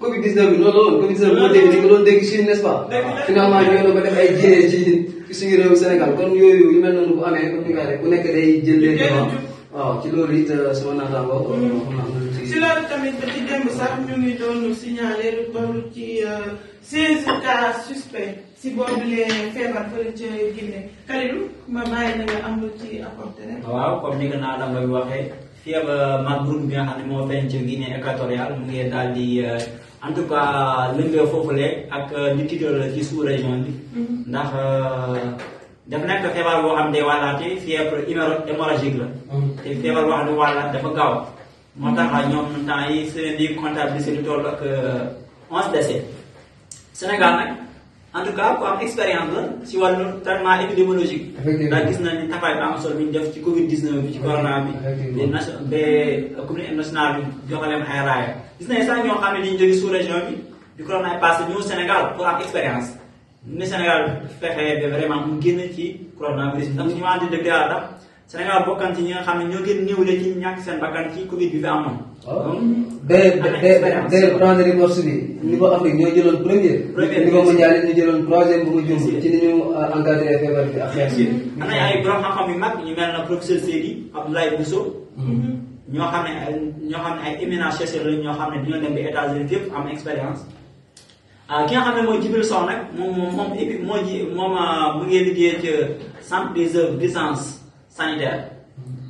Covid 19 bi noonu loolu Covid 19 bi moo dégg dañ ko doon pas. finalement ñu ngi doon ko def ay jéyee ci ci suñu réew Sénégal kon yooyu yu mel noonu bu amee comme ni nga rek bu nekk day jël leen devant waaw ci loolu it euh, sama naataango. Mm. si loolu tamit ba ci démb sax ñu ngi doon signalé lu toll ci 16 euh, cas suspects si boobu lee feebar fële ca Guinée Kalidou ma bàyyi na nga am ci apporté rek. waaw comme ni ko naataango moo feeñ ci Guinée mu ngi daal di. Euh, en tout cas lëngee foofule ak euh, li tiital la ci sous région bi. Mhm. ndax euh, dafa nekk feebar boo xam ne day wàllaate fièvre hémorragique la. Mhm. te feebar boo xam ne wàllaat dafa gaaw. moo tax euh, ñoom temps yi seen di comptabiliser lu toll ak onze décès Sénégal nag. en tout cas ku am la si wàllu traitement épidémiologique. effectivement gis nañu taxawaay bu am solo bi ñu def ci Covid 19 bi ci corona bi. effectivement ba nation ba communauté nationale jox leen ay raaya. gis nañu sax ñoo xam ne dañu jógee sous région bi bi corona passé ñëw Sénégal pour am expérience. ñu ne Sénégal fexee ba mu génn ci coronavirus bi. am na ñu ma andi dëgg yàlla Sénégal bokkan ci ñi nga xam ne ñoo gën néewle ci ñàkk seen bakkan ci Covid bi fi amoon. waaw day day day prendre remorse bi. niveau Afrique ñoo jëloon premier. premier niveau mondial ñu jëloon troisième bu mu jëm. ci ni ñu euh, encadré feebar bi ak xeex bi. am na ay borom xam-xam yu mag ñu mel na professeur Seydi Abdoulaye Bousso. Mm-hmm. ñoo xam ne ñoo xam ne ay éminents chercheurs lañ ñoo xam ne dañoo dem bi États-Unis yëpp am expérience. Ah, ki nga xam ne mooy Djibril Sow nag moom moom moom épi moo ji moom euh, mu ngi liggéey ci centre des œuvres d'essence. sanitaire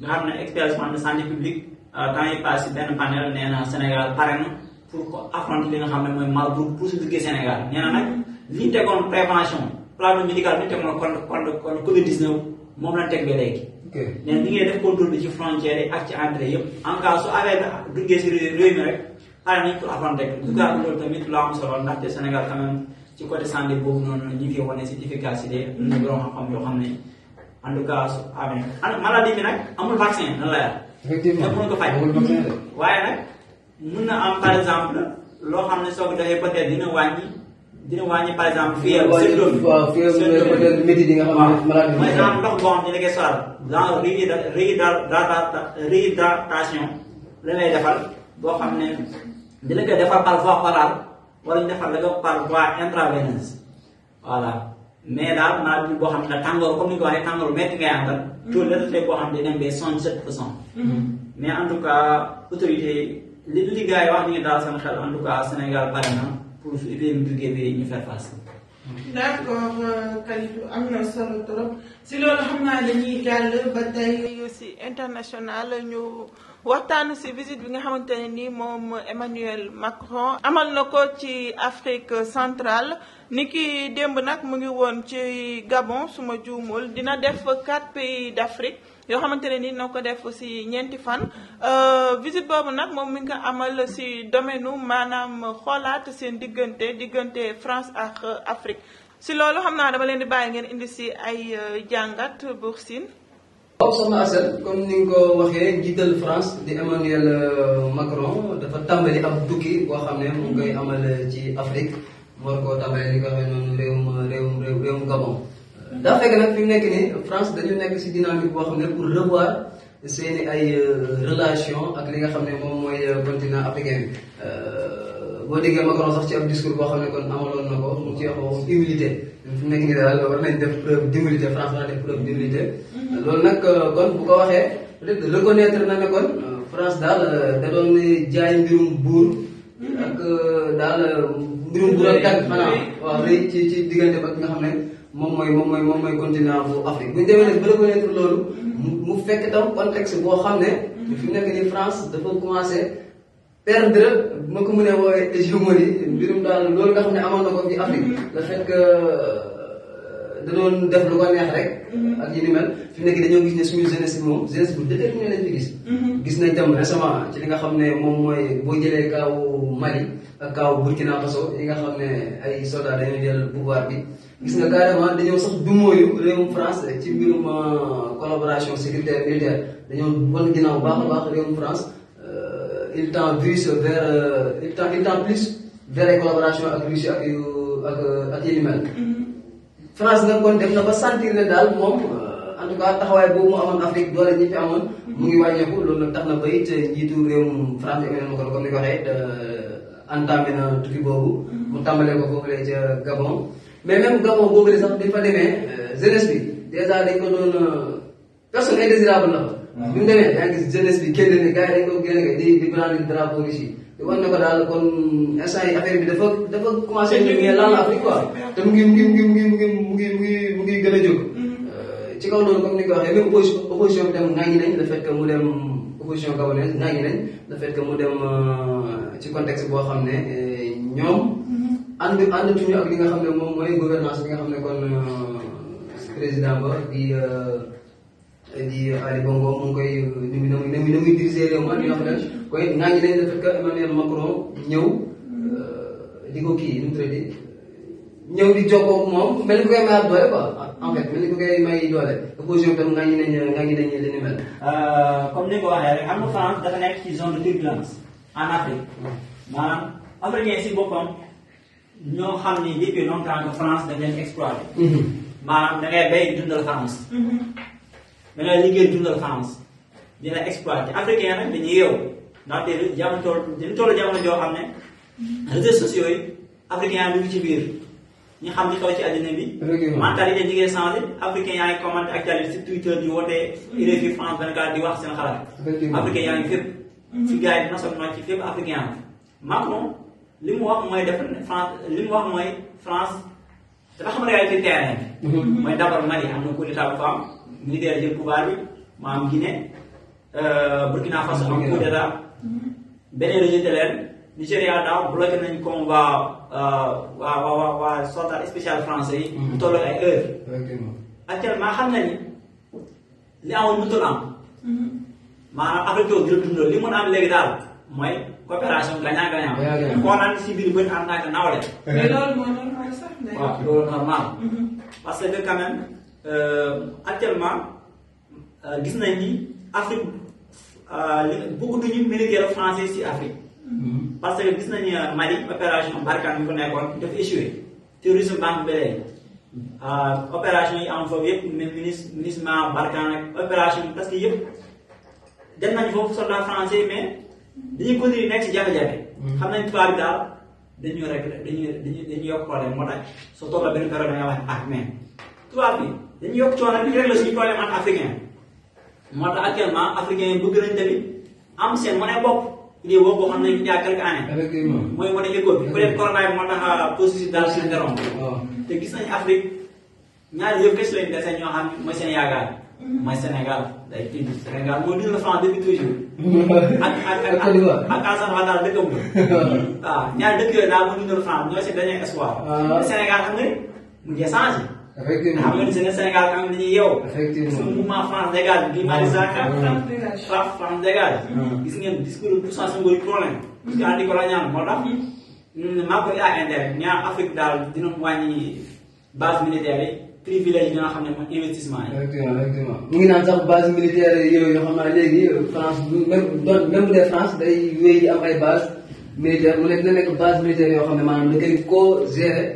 nga xam ne expert de santé publique euh, temps yi passé benn panel nee na Sénégal pare na pour ko affronter li nga xam ne mooy Marburg pour su duggee Sénégal nee na nag li ñu tegoon prévention plan médical bi ñu tegoon contre contre contre Covid 19 moom la ñu teg ba léegi. ok nee na ñu ngi def contrôle bi ci frontière yi ak ci entrée yëpp en cas su affaire bi duggee si réew mi rek pare nañ pour affronter ko. en tout cas loolu tamit loo am solo ndaxte Sénégal quand même ci côté santé boobu noonu ñu ngi fi wane si efficacité. am na borom xam-xam yoo xam ne. en tout cas amiin maladie bi nag amul vaccin nan la yàlla. effectivement mënu ko faj. waaye nag mun na am par exemple loo xam ne soo ko defee peut-être dina wàññi dina wàññi par exemple. fièvre syndrome bi waaw fièvre peut-être métti di nga xam ne maladie bi. exemple ndox boo xam ne da ngay soxla genre réhydratation la lay defal boo xam ne dina koy defal par voie orale wala ñu defal la ko par voie intraveineuse voilà. mais daal nawet bi boo xam ne tàngoor comme ni ko waxee tàngoor métti ngay àndal. taux de retrait boo xam ne dinañ ba mais en tout cas autorité li li gars yi wax ñu ngi daal seen xel en tout cas Sénégal bari na pour ñu faire face. d' accord euh, Kalidou am na solo trop si loolu xam naa dañuy jàll ba tey. aussi international ñu. waxtaan si visite bi nga xamante ne ni moom Emmanuel Macron amal na ko ci Afrique centrale ni ki démb nag mu ngi woon ci Gabon su ma juumul dina def quatre pays d'Afrique yoo xamante ne ni na ko def si ñeenti fan euh, visite boobu nag moom mi ngi ko amal si domaine u maanaam xoolaat seen diggante diggante France ak Afrique si loolu xam naa dama leen di bàyyi ngeen indi si ay euh, jàngat Buur Sine waaw soxna Asel comme ni ko waxee njiital France di Emmanuel euh, Macron dafa tàmbali ab tukki boo xam ne mu ngi amal euh, ci Afrique mu war koo tàmbalee euh, mu nekk nii France dañu nekk si dynamique boo xam ne pour revoir seeni ay relation ak li nga xam ne moom mooy continent africain bi. boo déggee Macron sax ci ab discours boo xam ne kon amaloon na ko ci wax humilité fi nekk nii daal war nañ def preuve d'humilité France war def preuve d'humilité. loolu nag euh, kon bu waxee peut-être reconnaître na euh, euh, mbirum buur ak mbirum buur ak tàgg xanaa waaw ci ci diggante ba nga xam ne moom mooy Afrique bu ñu demee nag loolu mu fekk tam contexte boo xam ne fi mu nekk nii France dafa commencé perdre ma ko mënee woowee hégémonie mbirum daal loolu nga xam ne amoon ko ci Afrique le fait que da doon def lu ko neex rek. Mm-hmm. ak yu ni mel fi mu nekk dañoo gis ne suñu jeunesse bi moom jeunesse bu dëgër ñu ne lañ gis. Mm-hmm. gis nañ tam récemment ci li nga xam ne moom mooy boo jëlee kaawu Mali ak kaawu Burkina Faso yi nga xam ne ay soldats dañoo jël pouvoir bi. gis nga carrément dañoo sax dumóoyu réewum France ci mbirum euh, collaboration sécuritaire militaire dañoo wan ginnaaw baax a baax réewum France euh, il tend plus vers euh, il tend il tend plus vers les collaborations ak Russie ak ak ak France nga kon dem na ba sentir ne daal moom euh, en tout cas taxawaay boobu mu amoon Afrique doole ñi fi amoon. mu ngi wàññeeku loolu nag tax na ba it euh, njiitu réewum France Emmanuel Macron comme ni ko waxee euh, entamé na tukki mu tàmbalee ko foofulee ca Gabon. mais même Gabon boobu sax fa demee jeunesse bi dèjà ko doon personne indésirable la bi mu demee yaa ngi gis jeunesse bi kenn ne gars yi dañ ko génne di di ko daal kon instant yi affaire bi dafa dafa commencé ñu ngi laal Afrique quoi te mu ngi mu ngi mu ngi mu ngi mu ngi mu ngi mu ngi gën a jóg. Mm-hmm. ci ol loolu comme ni nga ko waxee même opposition opposition bi tam nangi nañ le fait que mu dem opposition gabonaise nangi nañ le fait que mu dem euh, ci contexte boo xam ne euh, ñoom. Mm-hmm. ànd àndatuñu ak li nga xam ne moom mooy gouvernance bi nga xam ne kon euh, président ba di. di Ali Bongo mu ngi koy ni mu ni mu ni muy diriger réew mi ak ñoo xam ne koy naa ngi leen di fekk Emmanuel Macron ñëw euh, di ko kii nu mu tëddee ñëw di jokkoo moom mel ni koy mayaat doole quoi en fait mel ni koy may doole opposition tam naa ngi leen naa ngi leen leen di mel. Euh, comme ni nga ko waxee rek am na France dafa nekk ci zone de turbulence en Afrique maanaam africain si boppam ñoo xam ni depuis longtemps que France dañ leen exploité. Mhm. maanaam da ngay bay dundal France. Mhm. dangay liggéey dundal France dina exploité africain nag dañuy yeewu ndaxte jamono tool dañu toll jamono joo xam ne réseaux sociaux yi africain ñu ngi ci biir ñu xam li xew ci àddina bi. mentalité ñi ngay changé africain yaa ngi commenté actualité ci di wax seen xalaat. africain yaa ngi fépp. Mhm. ci gars yi nationalité ci fépp africain la Macron li mu wax mooy def France li mu wax mooy France. dafa xam réalité terrain bi. Mhm. mooy d'abord Mali am na coup d'état bu fa am militaire jël pouvoir bi maam Guinée euh, Burkina Faso am coup d'état mhm. beneen rejeté leen Nigéria daaw bloqué nañ convoi euh, waa waa waa waa soldat spécial français yi. mu mhm. toll ay heure actuellement xam nañu li amoon mënatul am. maanaam Afrique yooyu dina dundal li mën a am léegi daal mooy coopération gagnant gagnant. gagnant gagnant koo naan si biir bëri am naa ko nawle. Eh. mais loolu moo loolu sax normal. Mm-hmm. parce que quand même euh, actuellement euh, gis nañ ni Afrique beaucoup de ñu militaire français si Afrique. Mm-hmm. parce que gis nañu euh, Mali opération Barkhane bi ko nekkoon dafa échoué terrorisme baa ngi bëre opération yi am foofu yëpp même ministre ministre Barkhane ak opération parce que yëpp dem nañ foofu soldat français mais dañuy continuer nekk si jafe-jafe. Mm-hmm. dañuy rek dañuy dañuy dañuy yokk problème moo tax soo toogee benn période nga wax ah mais tubaab bi dañuy yokk coono bi rek la suñu ak africain moo tax actuellement am seen monnaie bopp lii boobu waxoon nañu il y a quelques années. mooy monnaie éco bi. peut-être corona bi moo tax daal suñu derom. te gis nañ Afrique ñaari yëpp kese lañ dese ñoo xam mooy seen yaakaar mooy Sénégal. Mm-hmm. day kii bi Sénégal moo di la France depuis toujours. ak ak ak ak ak Casamance daal dëkkam ah, la. waaw ñaari dëkk yooyu daal moo di la France ñoo si dañuy espoir. Ah. Sénégal xam nga mu ngi changé. effectivement xam nga ni Sénégal xam nga dañuy yeewu. effectivement suñu mouvement France dégage bii Marisa ah. France dégage. gis ngeen discours pour sensibiliser problème. parce que andi ko la ñaan moo tax mm-hmm. maa ko yaa intérêt ñaar Afrique daal dina wàññi base militaire yi. privilège yi nga xam ne mooy investissement yi. effectivement effectivement ñu ngi naan sax base militaire yooyu yoo xam naa léegi euh, France même doon même bu dee France day wéy di am ay base militaire mu ne dina nekk base militaire yoo xam ne maanaam da koy koo gérer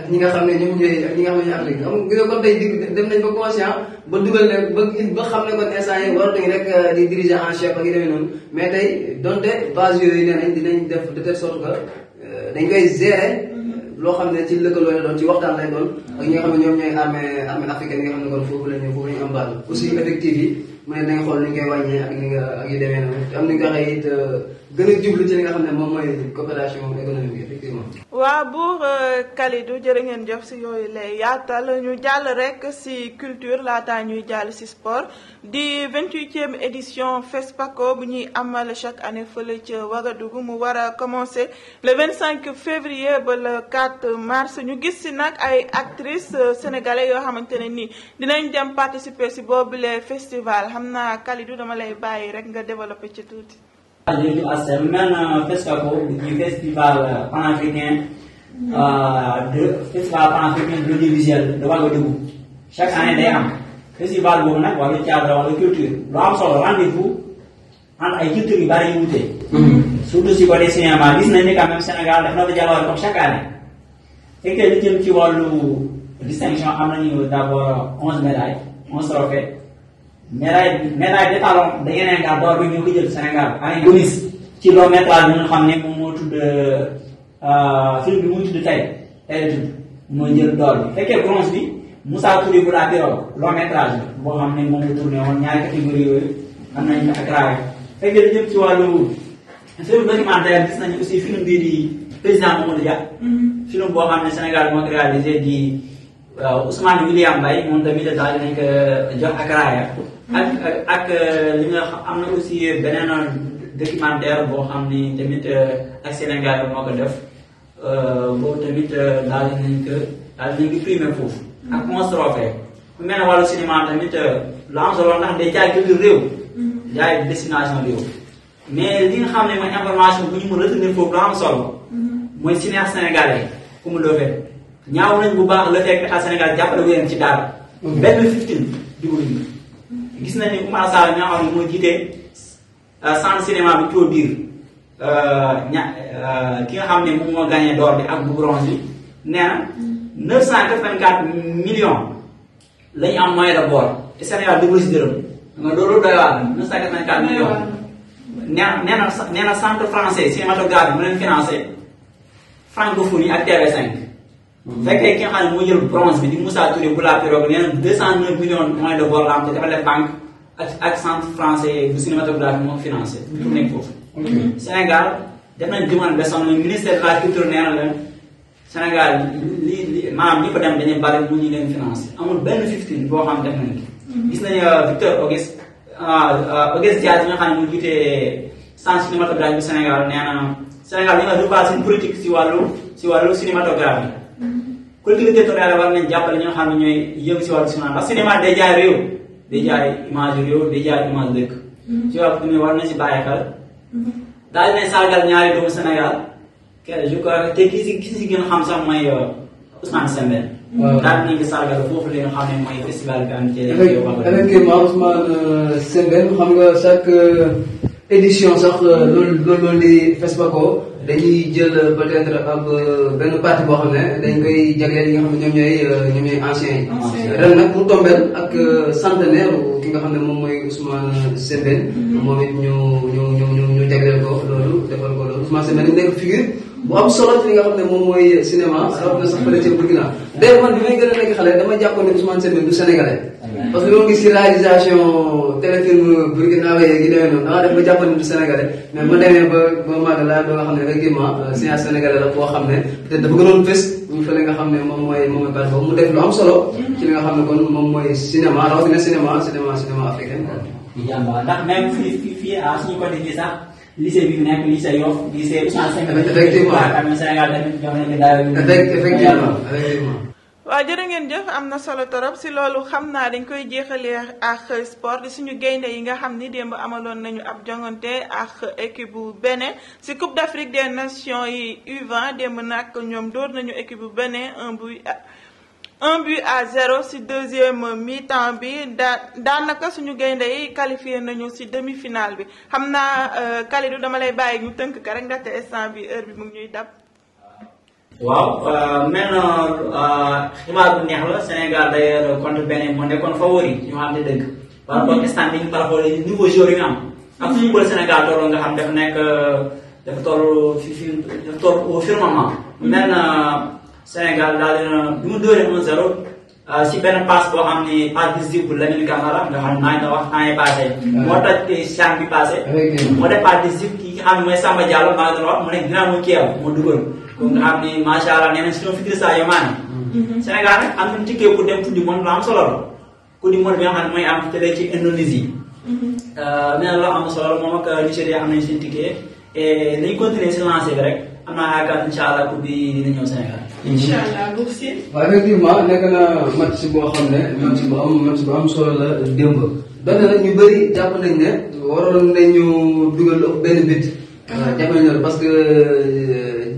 ak ñi nga xam ne ñoom ñooy ak ñi nga xam ne ñoo am léegi xam nga kon tey dem nañ ba conscient ba dugal leen ba ba xam ne kon instant yi warut nañ rek euh, di diriger en chef ak yu demee noonu mais tey donte base yooyu nee nañ dinañ def de telle sorte que euh, dañ koy gérer. loo xam ne ci lëkkaloo la doon ci waxtaan lay doon ak ñi nga xam ne ñoom ñooy armée armée africaine yi nga xam ne kon foofu la foofu ñu am baal aussi effectif yi mu ne nañ xool ni ñu koy ak ni nga ak yu demee noonu te am nañ ko waxee gën a jublu ci li nga xam ne moom mooy coopération économique effectivement. waaw buur euh, Kalidou jërë ngeen jox si yooyu lay yaatal ñu jàll rek si culture laata ñuy jàll si sport di 28e édition FESPACO bu ñuy amal chaque année fële ca Ouagadougou mu war a commencer le cinq février ba le 4 mars ñu gis si nag ay actrices euh, sénégalais yoo xamante ne nii dinañ dem participer si boobule festival xam naa Kalidou dama lay bàyyi rek nga développer ci tuuti. Devido à ce même FESCACO, du Festival euh, panafricain, euh, de Festival panafricain de l'audiovisuel de Ouagadougou. Chaque am festival boobu nag wàllu cadre wàllu culture lu am solo rendez-vous entre ay culture yu bari yu wute. Mm-hmm. surtout si côté cinéma gis nañ ni quand même Sénégal def na ko jàllale comme chaque année. fekkee li jëm ci wàllu distinction am nañu d'abord onze médailles médaille médaille de talon da Sénégal d'or bi ñu ko jël Sénégal année bonus ci kilométrage bi nga xam ne moom moo tudd euh, film bi mu tudd tey tey la tudd jël d'or bi fekkee bronze bi Moussa Touré bu la Piro long métrage bi boo xam ne moom la tourné woon ñaari catégorie yooyu am nañu ak raay fekkee da jëm ci wàllu film documentaire gis nañu aussi film bii di président Mamadou Dia mm-hmm. film boo xam ne Sénégal moo réalisé di waaw Ousmane William Mbaye moom tamit daal dinañ jox ak raaya. ak ak li nga xam am na aussi beneen documentaire boo xam ni tamit ak Sénégal moo ko def euh, boobu tamit daal dinañ daal dinañ ko foofu. ak monstrofe ku mel ne wàllu cinéma tamit lu am solo ndax day jaay culture réew. Mm-hmm. jaay destination réew. mais li nga xam ne mooy information bu ñu mën a retenir foofu lu am solo. Mm-hmm. mooy cinéaste sénégalais ku mu doon ñaaw nañ bu baax la fekk à Sénégal jàppale wu leen ci daara. Mm-hmm. benn fifteen dugubuñu gis nañ ne Oumar Sarr ñoo xam ne moo jiite euh, centre cinéma bi coo biir euh, ña euh, ki nga xam ne moom moo gagné d'or bi ak bu bronze bi nee na 984 mm-hmm. millions la ñu am moyen de bord te Sénégal dugg loolu doy waar 984 millions. nee na nee na centre mu leen ak TV5. bu fekkee ki nga xam ne moo jël bronze bi di Moussa Touré bu la pirogue nee na 209 millions mooy de bor la te def banque ak ak centre français bu cinématographie moo financé. lu nekk foofu. Sénégal def nañ demande ba sonn culture nee na la Sénégal li li maanaam dem dañuy bari mu ñu leen financé amul benn fifteen boo xam def nañ mhm. gis nañu euh, Victor Auguste euh, euh, Auguste Diaz bi nga xam ne mu jiite centre cinématographie bu Sénégal nee na Sénégal dañoo repassé une politique si wàllu si wàllu collectivité territoriale war nañ jàppale ñoo xam ne ñooy yëngu si wàllu cinéma ndax cinéma day jaay réew day jaay image réew day jaay image dëkk. Mm-hmm. ci wàllu commune mm-hmm. ne sargal ñaari doomu Sénégal kenn je crois te ki si ki si gën a xam sax mooy euh, Ousmane Sembène. Mm-hmm. waaw daal nañ ko sargal foofu la ñu xam ne mooy festival bi am dañuy jël euh, peut-être ab euh, benn partie boo xam ne dañ koy jagleel yi nga xam ne ñoom ñooy euh, ñoom yi. ren nag mu tombeel ak centenaire ki nga xam ne moom mooy Ousmane Sembène. Mm-hmm. moom it ñu ñu ñu ñu jagleel ko loolu defal ko loolu Ousmane Sembène dañ nekk figure bu am solo ci li nga xam ne moom mooy cinéma rawatina sax mm-hmm. man bi may gën a nekk xale dama jàppoon ne Ousmane Sembène du sénégalais. parce que loo gis si réalisation téléfilm burkinabé yi demee noonu da ngaa def ba jàppale du sénégalais mais ma demee ba ba màgg laa doon nga xam ne effectivement euh, science sénégalais la boo xam ne peut-être dafa gënoon fës ñu fële nga xam ne moom mooy moom mooy mu def lu am solo ci li nga xam ne kon moom mooy cinéma rawatina cinéma cinéma cinéma africain quoi. ndax même fii ah, effectivement effectivement waaw jërë ngeen jëf am na solo torop si loolu xam naa dañ koy jeexalee ak sport di suñu gaynde yi nga xam ni démb amaloon nañu ab jongante ak équipe bu Bénin si coupe d'Afrique des nations yi U20 démb nag ñoom dóor nañu équipe bu Bénin un but un but à zéro si deuxième mi-temps bi daa daanaka suñu gaynde yi qualifié nañu si demi final bi xam naa euh, Kalidou dama lay bàyyi ñu tënk ka rek ndaxte instant bi heure bi mu ñuy dab. waaw euh, mais euh, xibaar bu neex la Sénégal d'ailleurs euh, contre Bénin moo nekkoon favori ñu xam ne dëgg. par rapport ak instant mhm. bi ñu par rapport ak niveau joueur yi ñu am. ak suñu mhm. bëri Sénégal tolloo nga xam dafa nekk dafa toll fi fi dafa toll au firmament. mel mhm. na Sénégal daal dina bi mu dóoree 1-0 si benn passe boo xam ni passe décisive bu Lamine Camara nga xam naa ngi wax temps yii passé. moo tax chan bi passé. moo def passe décisive ki nga xam ne mooy Samba Diallo maa ngi doon wax mu ne dinaa mu Kiew moo dugal. comme nga xam ni macha allah nee nañ suñu fikir saa yoo maane. Mm-hmm. am nañu ticket pour dem coupe du monde lu am solo la coupe du monde bi am fële ci Indonésie. Mm-hmm. Euh, nee na loo am solo moom ak Nigéria am nañu seen ticket bi rek am naa yaakaar incha allah bi dina ñëw Sénégal. incha allah boobu si. waaw effectivement nekk na match boo xam ne match bu am match solo la démb. donc nag ñu bëri jàpp nañ ne waroon nañu dugal benn bit. Uh-huh. jàpp nañu parce que.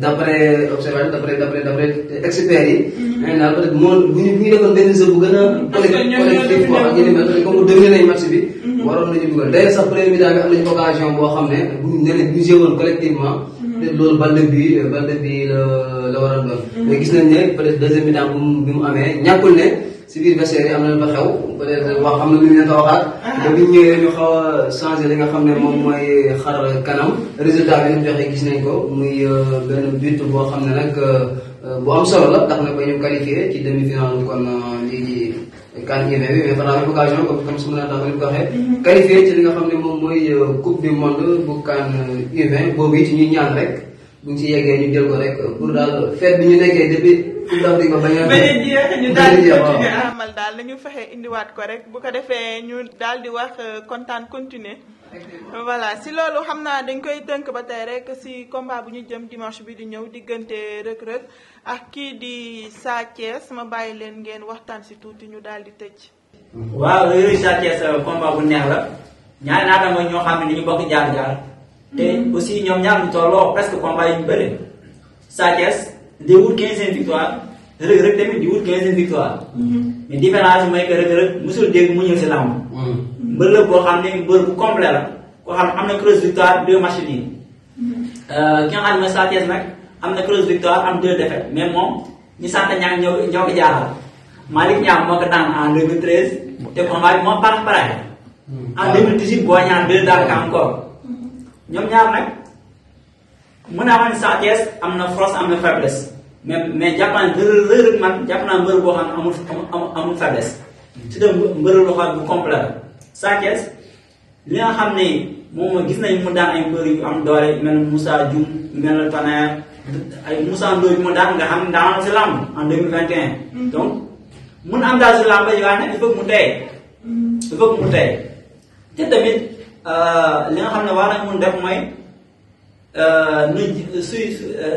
d'après observateur d'après d'après d'après euh, experts yi. Mhm. daal peut être moom bu ñu bu ñu benn jeu bu gën a. collectif quoi ak yeneen comme dominé nañu match bi. Mhm. waroon nañu dugal bi am nañu occasion boo xam ne bu ñu nee nañ mhm. bi euh, bande bi la a doon. nañ ne peut être deuxième mu amee ñàkkul ne si biir vestiaire yi am na lu xew euh, wax am na lu ñu waxaat. ba bi ñëwee ñu xaw a changé li nga xam ne moom mooy xar kanam résultat bi ñu joxe gis nañ ko muy euh, benn but boo xam ne nag euh, bu am solo la tax na ba ñu qualifié ci demi finale kon léegi kan gi ne bi ma la ko waxee. Mhm. qualifié ci li nga xam ne moom mooy euh, coupe du monde bu kan U20 ñu ñaan rek. bu ñu si yeggee ñu jël ko rek pour daal fête bi ñu nekkee depuis Coupe d'Afrique ba bañ a. bañ a jeex ñu daal continuer amal daal nañu fexe indiwaat ko rek bu ko defee ñu daal di wax euh, kontaan continuer voilà si loolu xam naa dañ koy tënk ba tey rek si combat bu ñu jëm dimanche bi di ñëw diggante Reug Reug ak kii di Sa Thiès ma bàyyi leen ngeen waxtaan si tuuti ñu daal di tëj. waaw Reug Reug Sa euh, combat bu neex la ñaari naata mooy ñoo xam ne dañu bokk jaar-jaar. te aussi ñoom ñaar ñu tolloo presque combat yi ñu bëre Sa Thiès di wut 15 victoire Reug Reug tamit di wut 15 victoire mhm. mais différence bi mooy que Reug Reug mosul dégg mu ñëw si làmb mbër la boo xam ne mbër bu complet la koo xam ne am na creuse victoire deux matchs mhm. euh, ki nga xam ne Sa Thiès nag am na creuse victoire am deux défaites mais moom ñu sant ñaar ñoo ñoo ko jaaral Malick Niang moo ko daan en 2013 te combat bi moo parax paraxe mhm. en 2018 boo ñaan deux daal ka encore ñoom ñaar nag mën naa wax ne Sa Thiès am na force am na faiblesse mais mais jàpp naa man jàpp naa mbër boo xam ne amul amul faiblesse. su dee mbër boo xam ne bu complet la Sa Thiès li nga xam ne moom gis nañ mu daan ay mbër yu am doole mel ne Moussa Dioum mel ne Tonnerre ay Moussa Ndoye mu daan nga xam daan si làmb en 2021. Mm. donc mun am daal si làmb yi nga xam ne mu tey. il faut mu mm. tey te tamit. Euh, li nga xam ne war nañ mun def mooy euh, na suy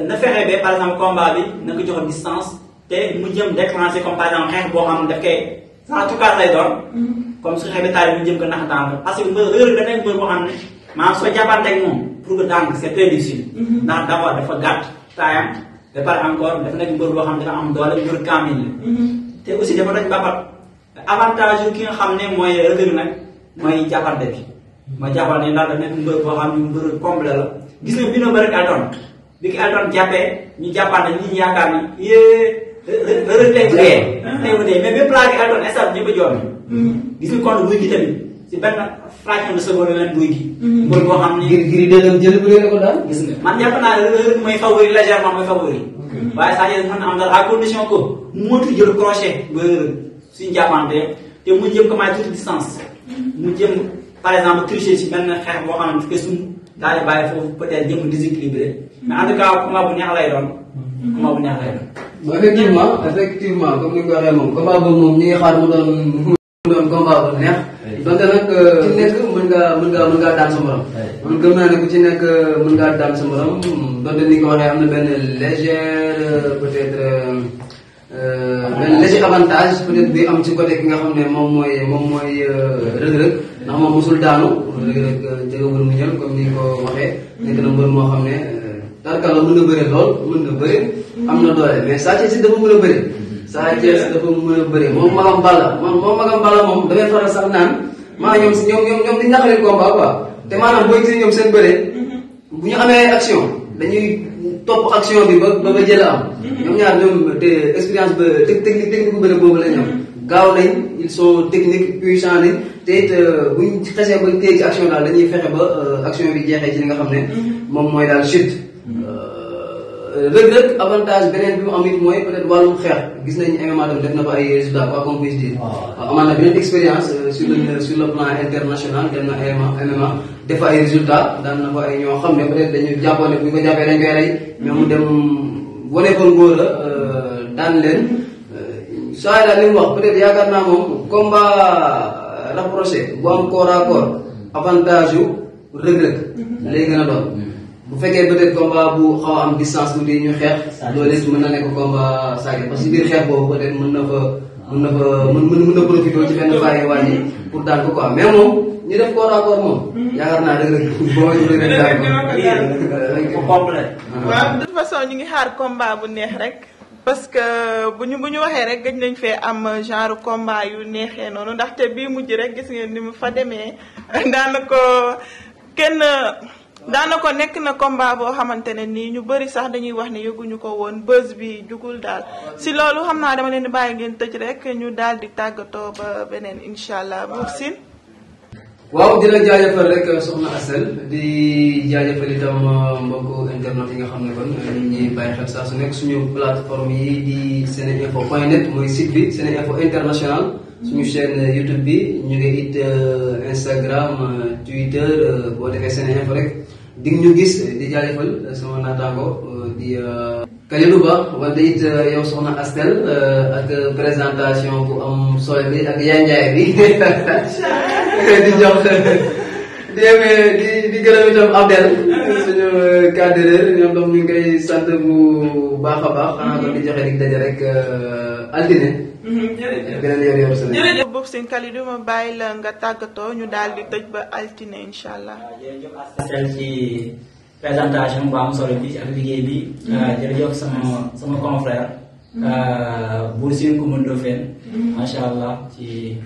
na fexe ba par exemple combat bi na ko jox distance te mu jëm déclencher comme par exemple xeex boo xam ne daf koy en tout cas lay doon. Mm-hmm. comme su xeexee taal bi jëm ko nax daan parce que mbër réer beneen mbër boo xam ne maanaam soo jàppanteeg moom pour que daan c' est très difficile. Mm-hmm. ndax d'abord dafa gàtt taayam ba pare encore dafa nekk mbër boo xam ne dafa am doole mbër kaamil la. Mm-hmm. te aussi dafa daj xam ne mooy rëgg nag bi. ma jàppal ne Ndanda nekk mbër boo xam ne mbër complet la gis na bi na mbër ak Elton bi ki Elton jàppee ñu jàppaan ne nit ñi yaakaar ni yee rërëg tey bu dee tey bu dee mais bi plaqué Elton instant ñëpp a gi tamit si benn fraction de seconde leen guy gi mbër boo xam ne giri giri dëgg jël bu dee ko daal gis nga man jàpp naa ne mooy favori légèrement mooy favori waaye Sa Thiès mën na am dara à condition mu motu jël crochet ba suñu jàppante te mu jëm ko may tuuti distance mu jëm par exemple tricher si benn xeex boo xamante ne suñ daal di bàyyi foofu peut-être jëm déséquilibré mais en tout cas combat bu neex lay doon. combat bu neex lay doon. effectivement effectivement comme ni ko waxee moom combat boobu moom ñu ngi xaar mu doon mu doon combat bu neex. donte nag euh, ku ci nekk mën ngaa mën ngaa mën ngaa daan sa morom. man gëm naa ne ku ci nekk euh, mën ngaa daan sa morom donte ni nga ko waxee am na benn légère euh, peut-être. benn léger avantage peut-être bi am ci côté ki nga xam ne moom mooy moom mooy Reug Reug. ndax moom mosul daanu. Reug Reug ko waxee. nekk na mbër na bëre lool mën na bëre. am na doole mais Sa Thiès si dafa mën a bëre. Sa Thiès dafa mën a bëre moom magam Balla moom dafay faral sax naan maa ñoom ñoom ñoom ñoom di ñax leen combat quoi te maanaam boo ñoom seen bëre bu ñu amee action dañuy topp action bi ba ba ba jël am. ñoom ñaar ñoom te expérience technique bu bëre boobu la gaaw nañ ils sont techniques puissants nañ. te it bu ñu xesee ba téye ci action daal dañuy fexe ba euh, action bi jeexee ci li nga xam ne. Mhm. moom mooy daal chute. Mhm. Euh, rëg-rëg avantage beneen bi mu am it mooy peut être wàllum xeex gis nañu MMA def na fa ay résultats quoi comme puisse dire. waaw ah. ah, amaan na beneen expérience euh, sur le mhm. sur le plan international dem na MMA MMA def ay résultats daan na fa ay ñoo xam ne peut être dañu jàppoon ne bu ñu ko jàppee dañ koy rey. mais mu dem wane ko ngóor la daan leen saa yi daal li mu wax peut être yaakaar naa moom combat. rapproché bu am corps avantage yu Reug Reug lay a doon bu fekkee peut-être bu xaw a am distance tuuti ñu xeex loolu mën na nekk combat Sadio parce que biir xeex boobu peut mën na fa mën na fa mën na profité ci benn faay wàññi pour daan ko quoi mais moom ñu def corps à corps moom mhm. yaakaar naa Reug [LAUGHS] Reug boo Reug ko complet ah. de toute façon ñu ngi xaar combat bu neex rek parce que bu ñu bu ñu waxee rek gëj nañ fee am genre combat yu neexee noonu ndaxte bii mujj rek gis ngeen ni mu fa demee [LAUGHS] daanaka kenn daanaka nekk na combat boo xamante ne nii ñu bëri sax dañuy wax ni yëguñu ko woon bës bi jugul daal. si loolu xam naa dama leen di bàyyi ngeen tëj rek ñu daal di tàggatoo ba beneen incha allah Bour waaw dina jaajëfal rek euh, soxna Asel di jaajëfal itam euh, mbokku internet yi nga xam ne kon euh, ñu ngi bàyyi saa su nekk suñu plateforme yi di seneinfo point net mooy site bi seneinfo international suñu chaîne YouTube ñu ngi it Instagram Twitter boo defee seneinfo rek di ñu gis di jaajëfal sama naataango di Kalidou Ba wala it yow soxna Asel ak présentation bu am solo ak yaay njaay [LAUGHS] [LAUGHS] di jox di amee di di gërëm itam Abdel suñu euh, cadreur ñoom tam ñu ngi koy sant bu baax a baax. xanaa mhm. di joxe dig daje rek euh, altine. Mhm, jërëjëf beneen yor yor sëñ bàyyi la nga tàggatoo ñu daal di tëj ba altine incha allah. Ah, jërëjëf ci présentation bu am solo bi ak liggéey bi. Mhm. Ah, jërëjëf sama sama confrère. Ah, Bour Sine Coumba Ndoffène. macha allah ci.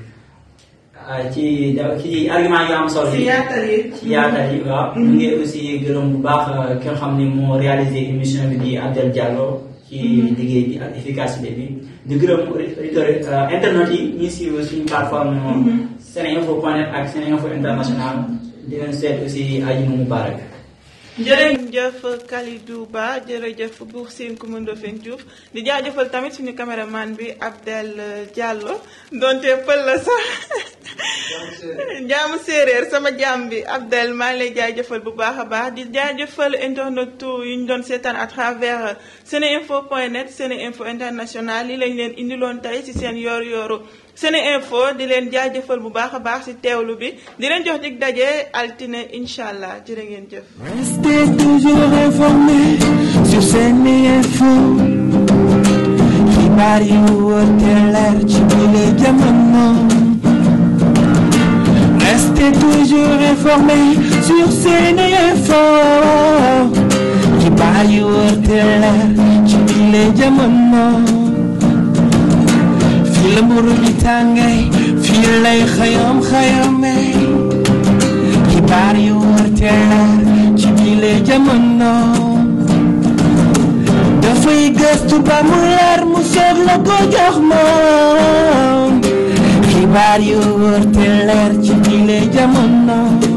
ci ci argument yu am solo ci yaatal yi ci yaatal yi waaw ñu ngi aussi gërëm bu baax ki nga xam ne moo réalisé émission bi di Abdel Diallo ci liggéey bi ak efficacité bi di gërëm auditeur internet yi ñu suivre suñu plateforme seneinfo point net ak seneinfo international di leen seet aussi ajuma mubarak jërëjëf Kalidou Ba jërëjëf Buur Sine Coumba Ndoffène Diouf di jaajëfal tamit suñu caméraman bi Abdel Diallo donte pël la sax jaamu séeréer sama jaam bi Abdel maa ngi lay jaajëfal bu baax a baax di jaajëfal internet yu ñu doon seetaan à travers seneinfo point net info international li lañ leen indiloon tey ci seen yoor yooru Sene Info di leen jaajëfal bu baax a baax ci teewlu bi di leen jox dig daje altine incha allah jërë ngeen jëf. Restez toujours informés sur Sene Info xibaar yi wóor te leer ci bile toujours informés sur Sene Info xibaar yi wóor ci la mburu bi tàngee fii lay xayam xayamee xibaar yu war teer ci bile jamono dafay gëstu ba mu leer mu soog la ko jox moom xibaar yu war teer ci bile jamono